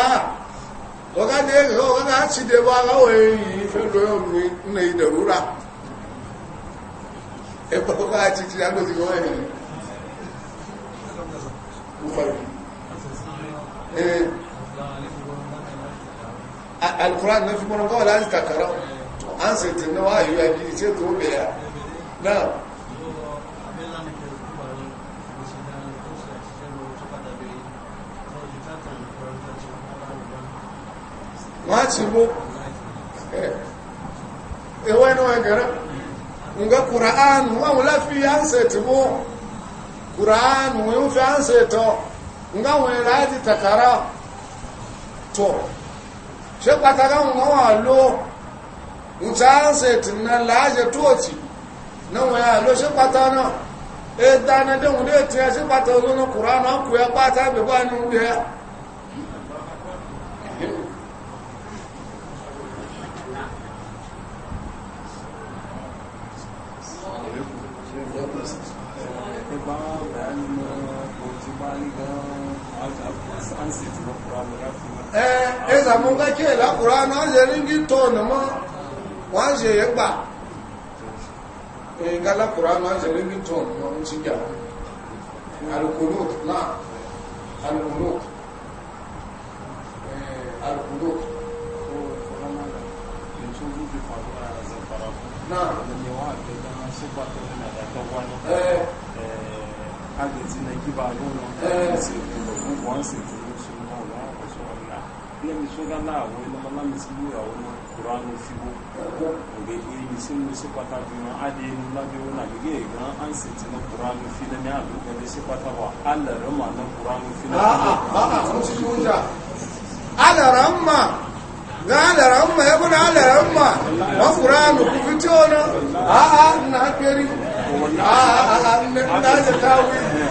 ọ̀gá dé ẹ̀rọ ọ̀gá láti dé wá aláwọ̀ èyí fẹ́ lọ́yọ̀ mi fi mọ́nà kọ́ láti kàkàrọ̀ à ń náà wáyé ẹbí tí ètò ó náà wọ́n á ti wó ẹwọ́ ẹ̀nà ẹ̀gẹ̀rẹ́ ǹgẹ́ kùránù wọ́n láfi ánsẹ̀ tí wó kùránù wọ́n fi ánsẹ̀ tọ́ ǹgá wọn ẹ̀rẹ́ àti tàkàrà tọ́ ṣe pàtàkì wọn wà ló ń ta ánsẹ̀ tí na kùránù wọ́n ṣe ríngí tóònù mọ́ wọ́n ṣe yẹ gbà ẹ̀yìn gálá kùránù wọ́n ṣe ríngí tóònù mọ́ ń ti jà alùkùnú náà alùkùnú alùkùnú náà ẹ̀ agbètì nàìjíríà lónà ẹ̀ sì kùnú fún wọ́n sì kùnú lẹ́mi sógá a ẹlọ́mọ lámì sí ìwé àwọn kùránù fíwó kó òwe èyí sí mi sí pàtàkì wọn á lè nu lábẹ́ wọn àgbègbè ìgbọ́n á ń sì ti ní kùránù fi lẹ́mi àlùkò ẹni sí pàtàkì wọn á lẹ̀rọ mà ní kùránù fi lẹ́mi. bàbá tó ti tó jà á lẹ̀rọ mà ga lẹ̀rọ mà ẹ bọ́dọ̀ á lẹ̀rọ mà wọ́n kùránù fi tí ó ná àá nà á kéré àá nà á jẹ táwé.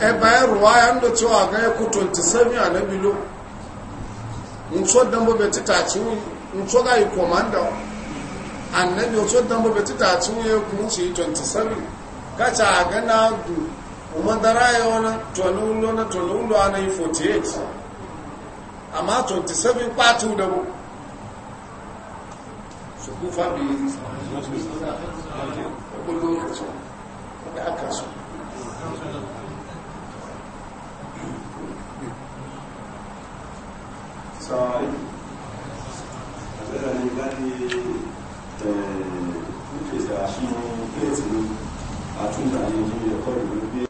e bayan ruwayan da ya kutunta sami a na bilo bobe ti taci ga yi komanda annabi ya kun 27 kacha na du umandara ya wana na ana yi 48 amma 27 patu da bu su kufa السلام عليكم أبدا لي kuke da shi ne a da ne ya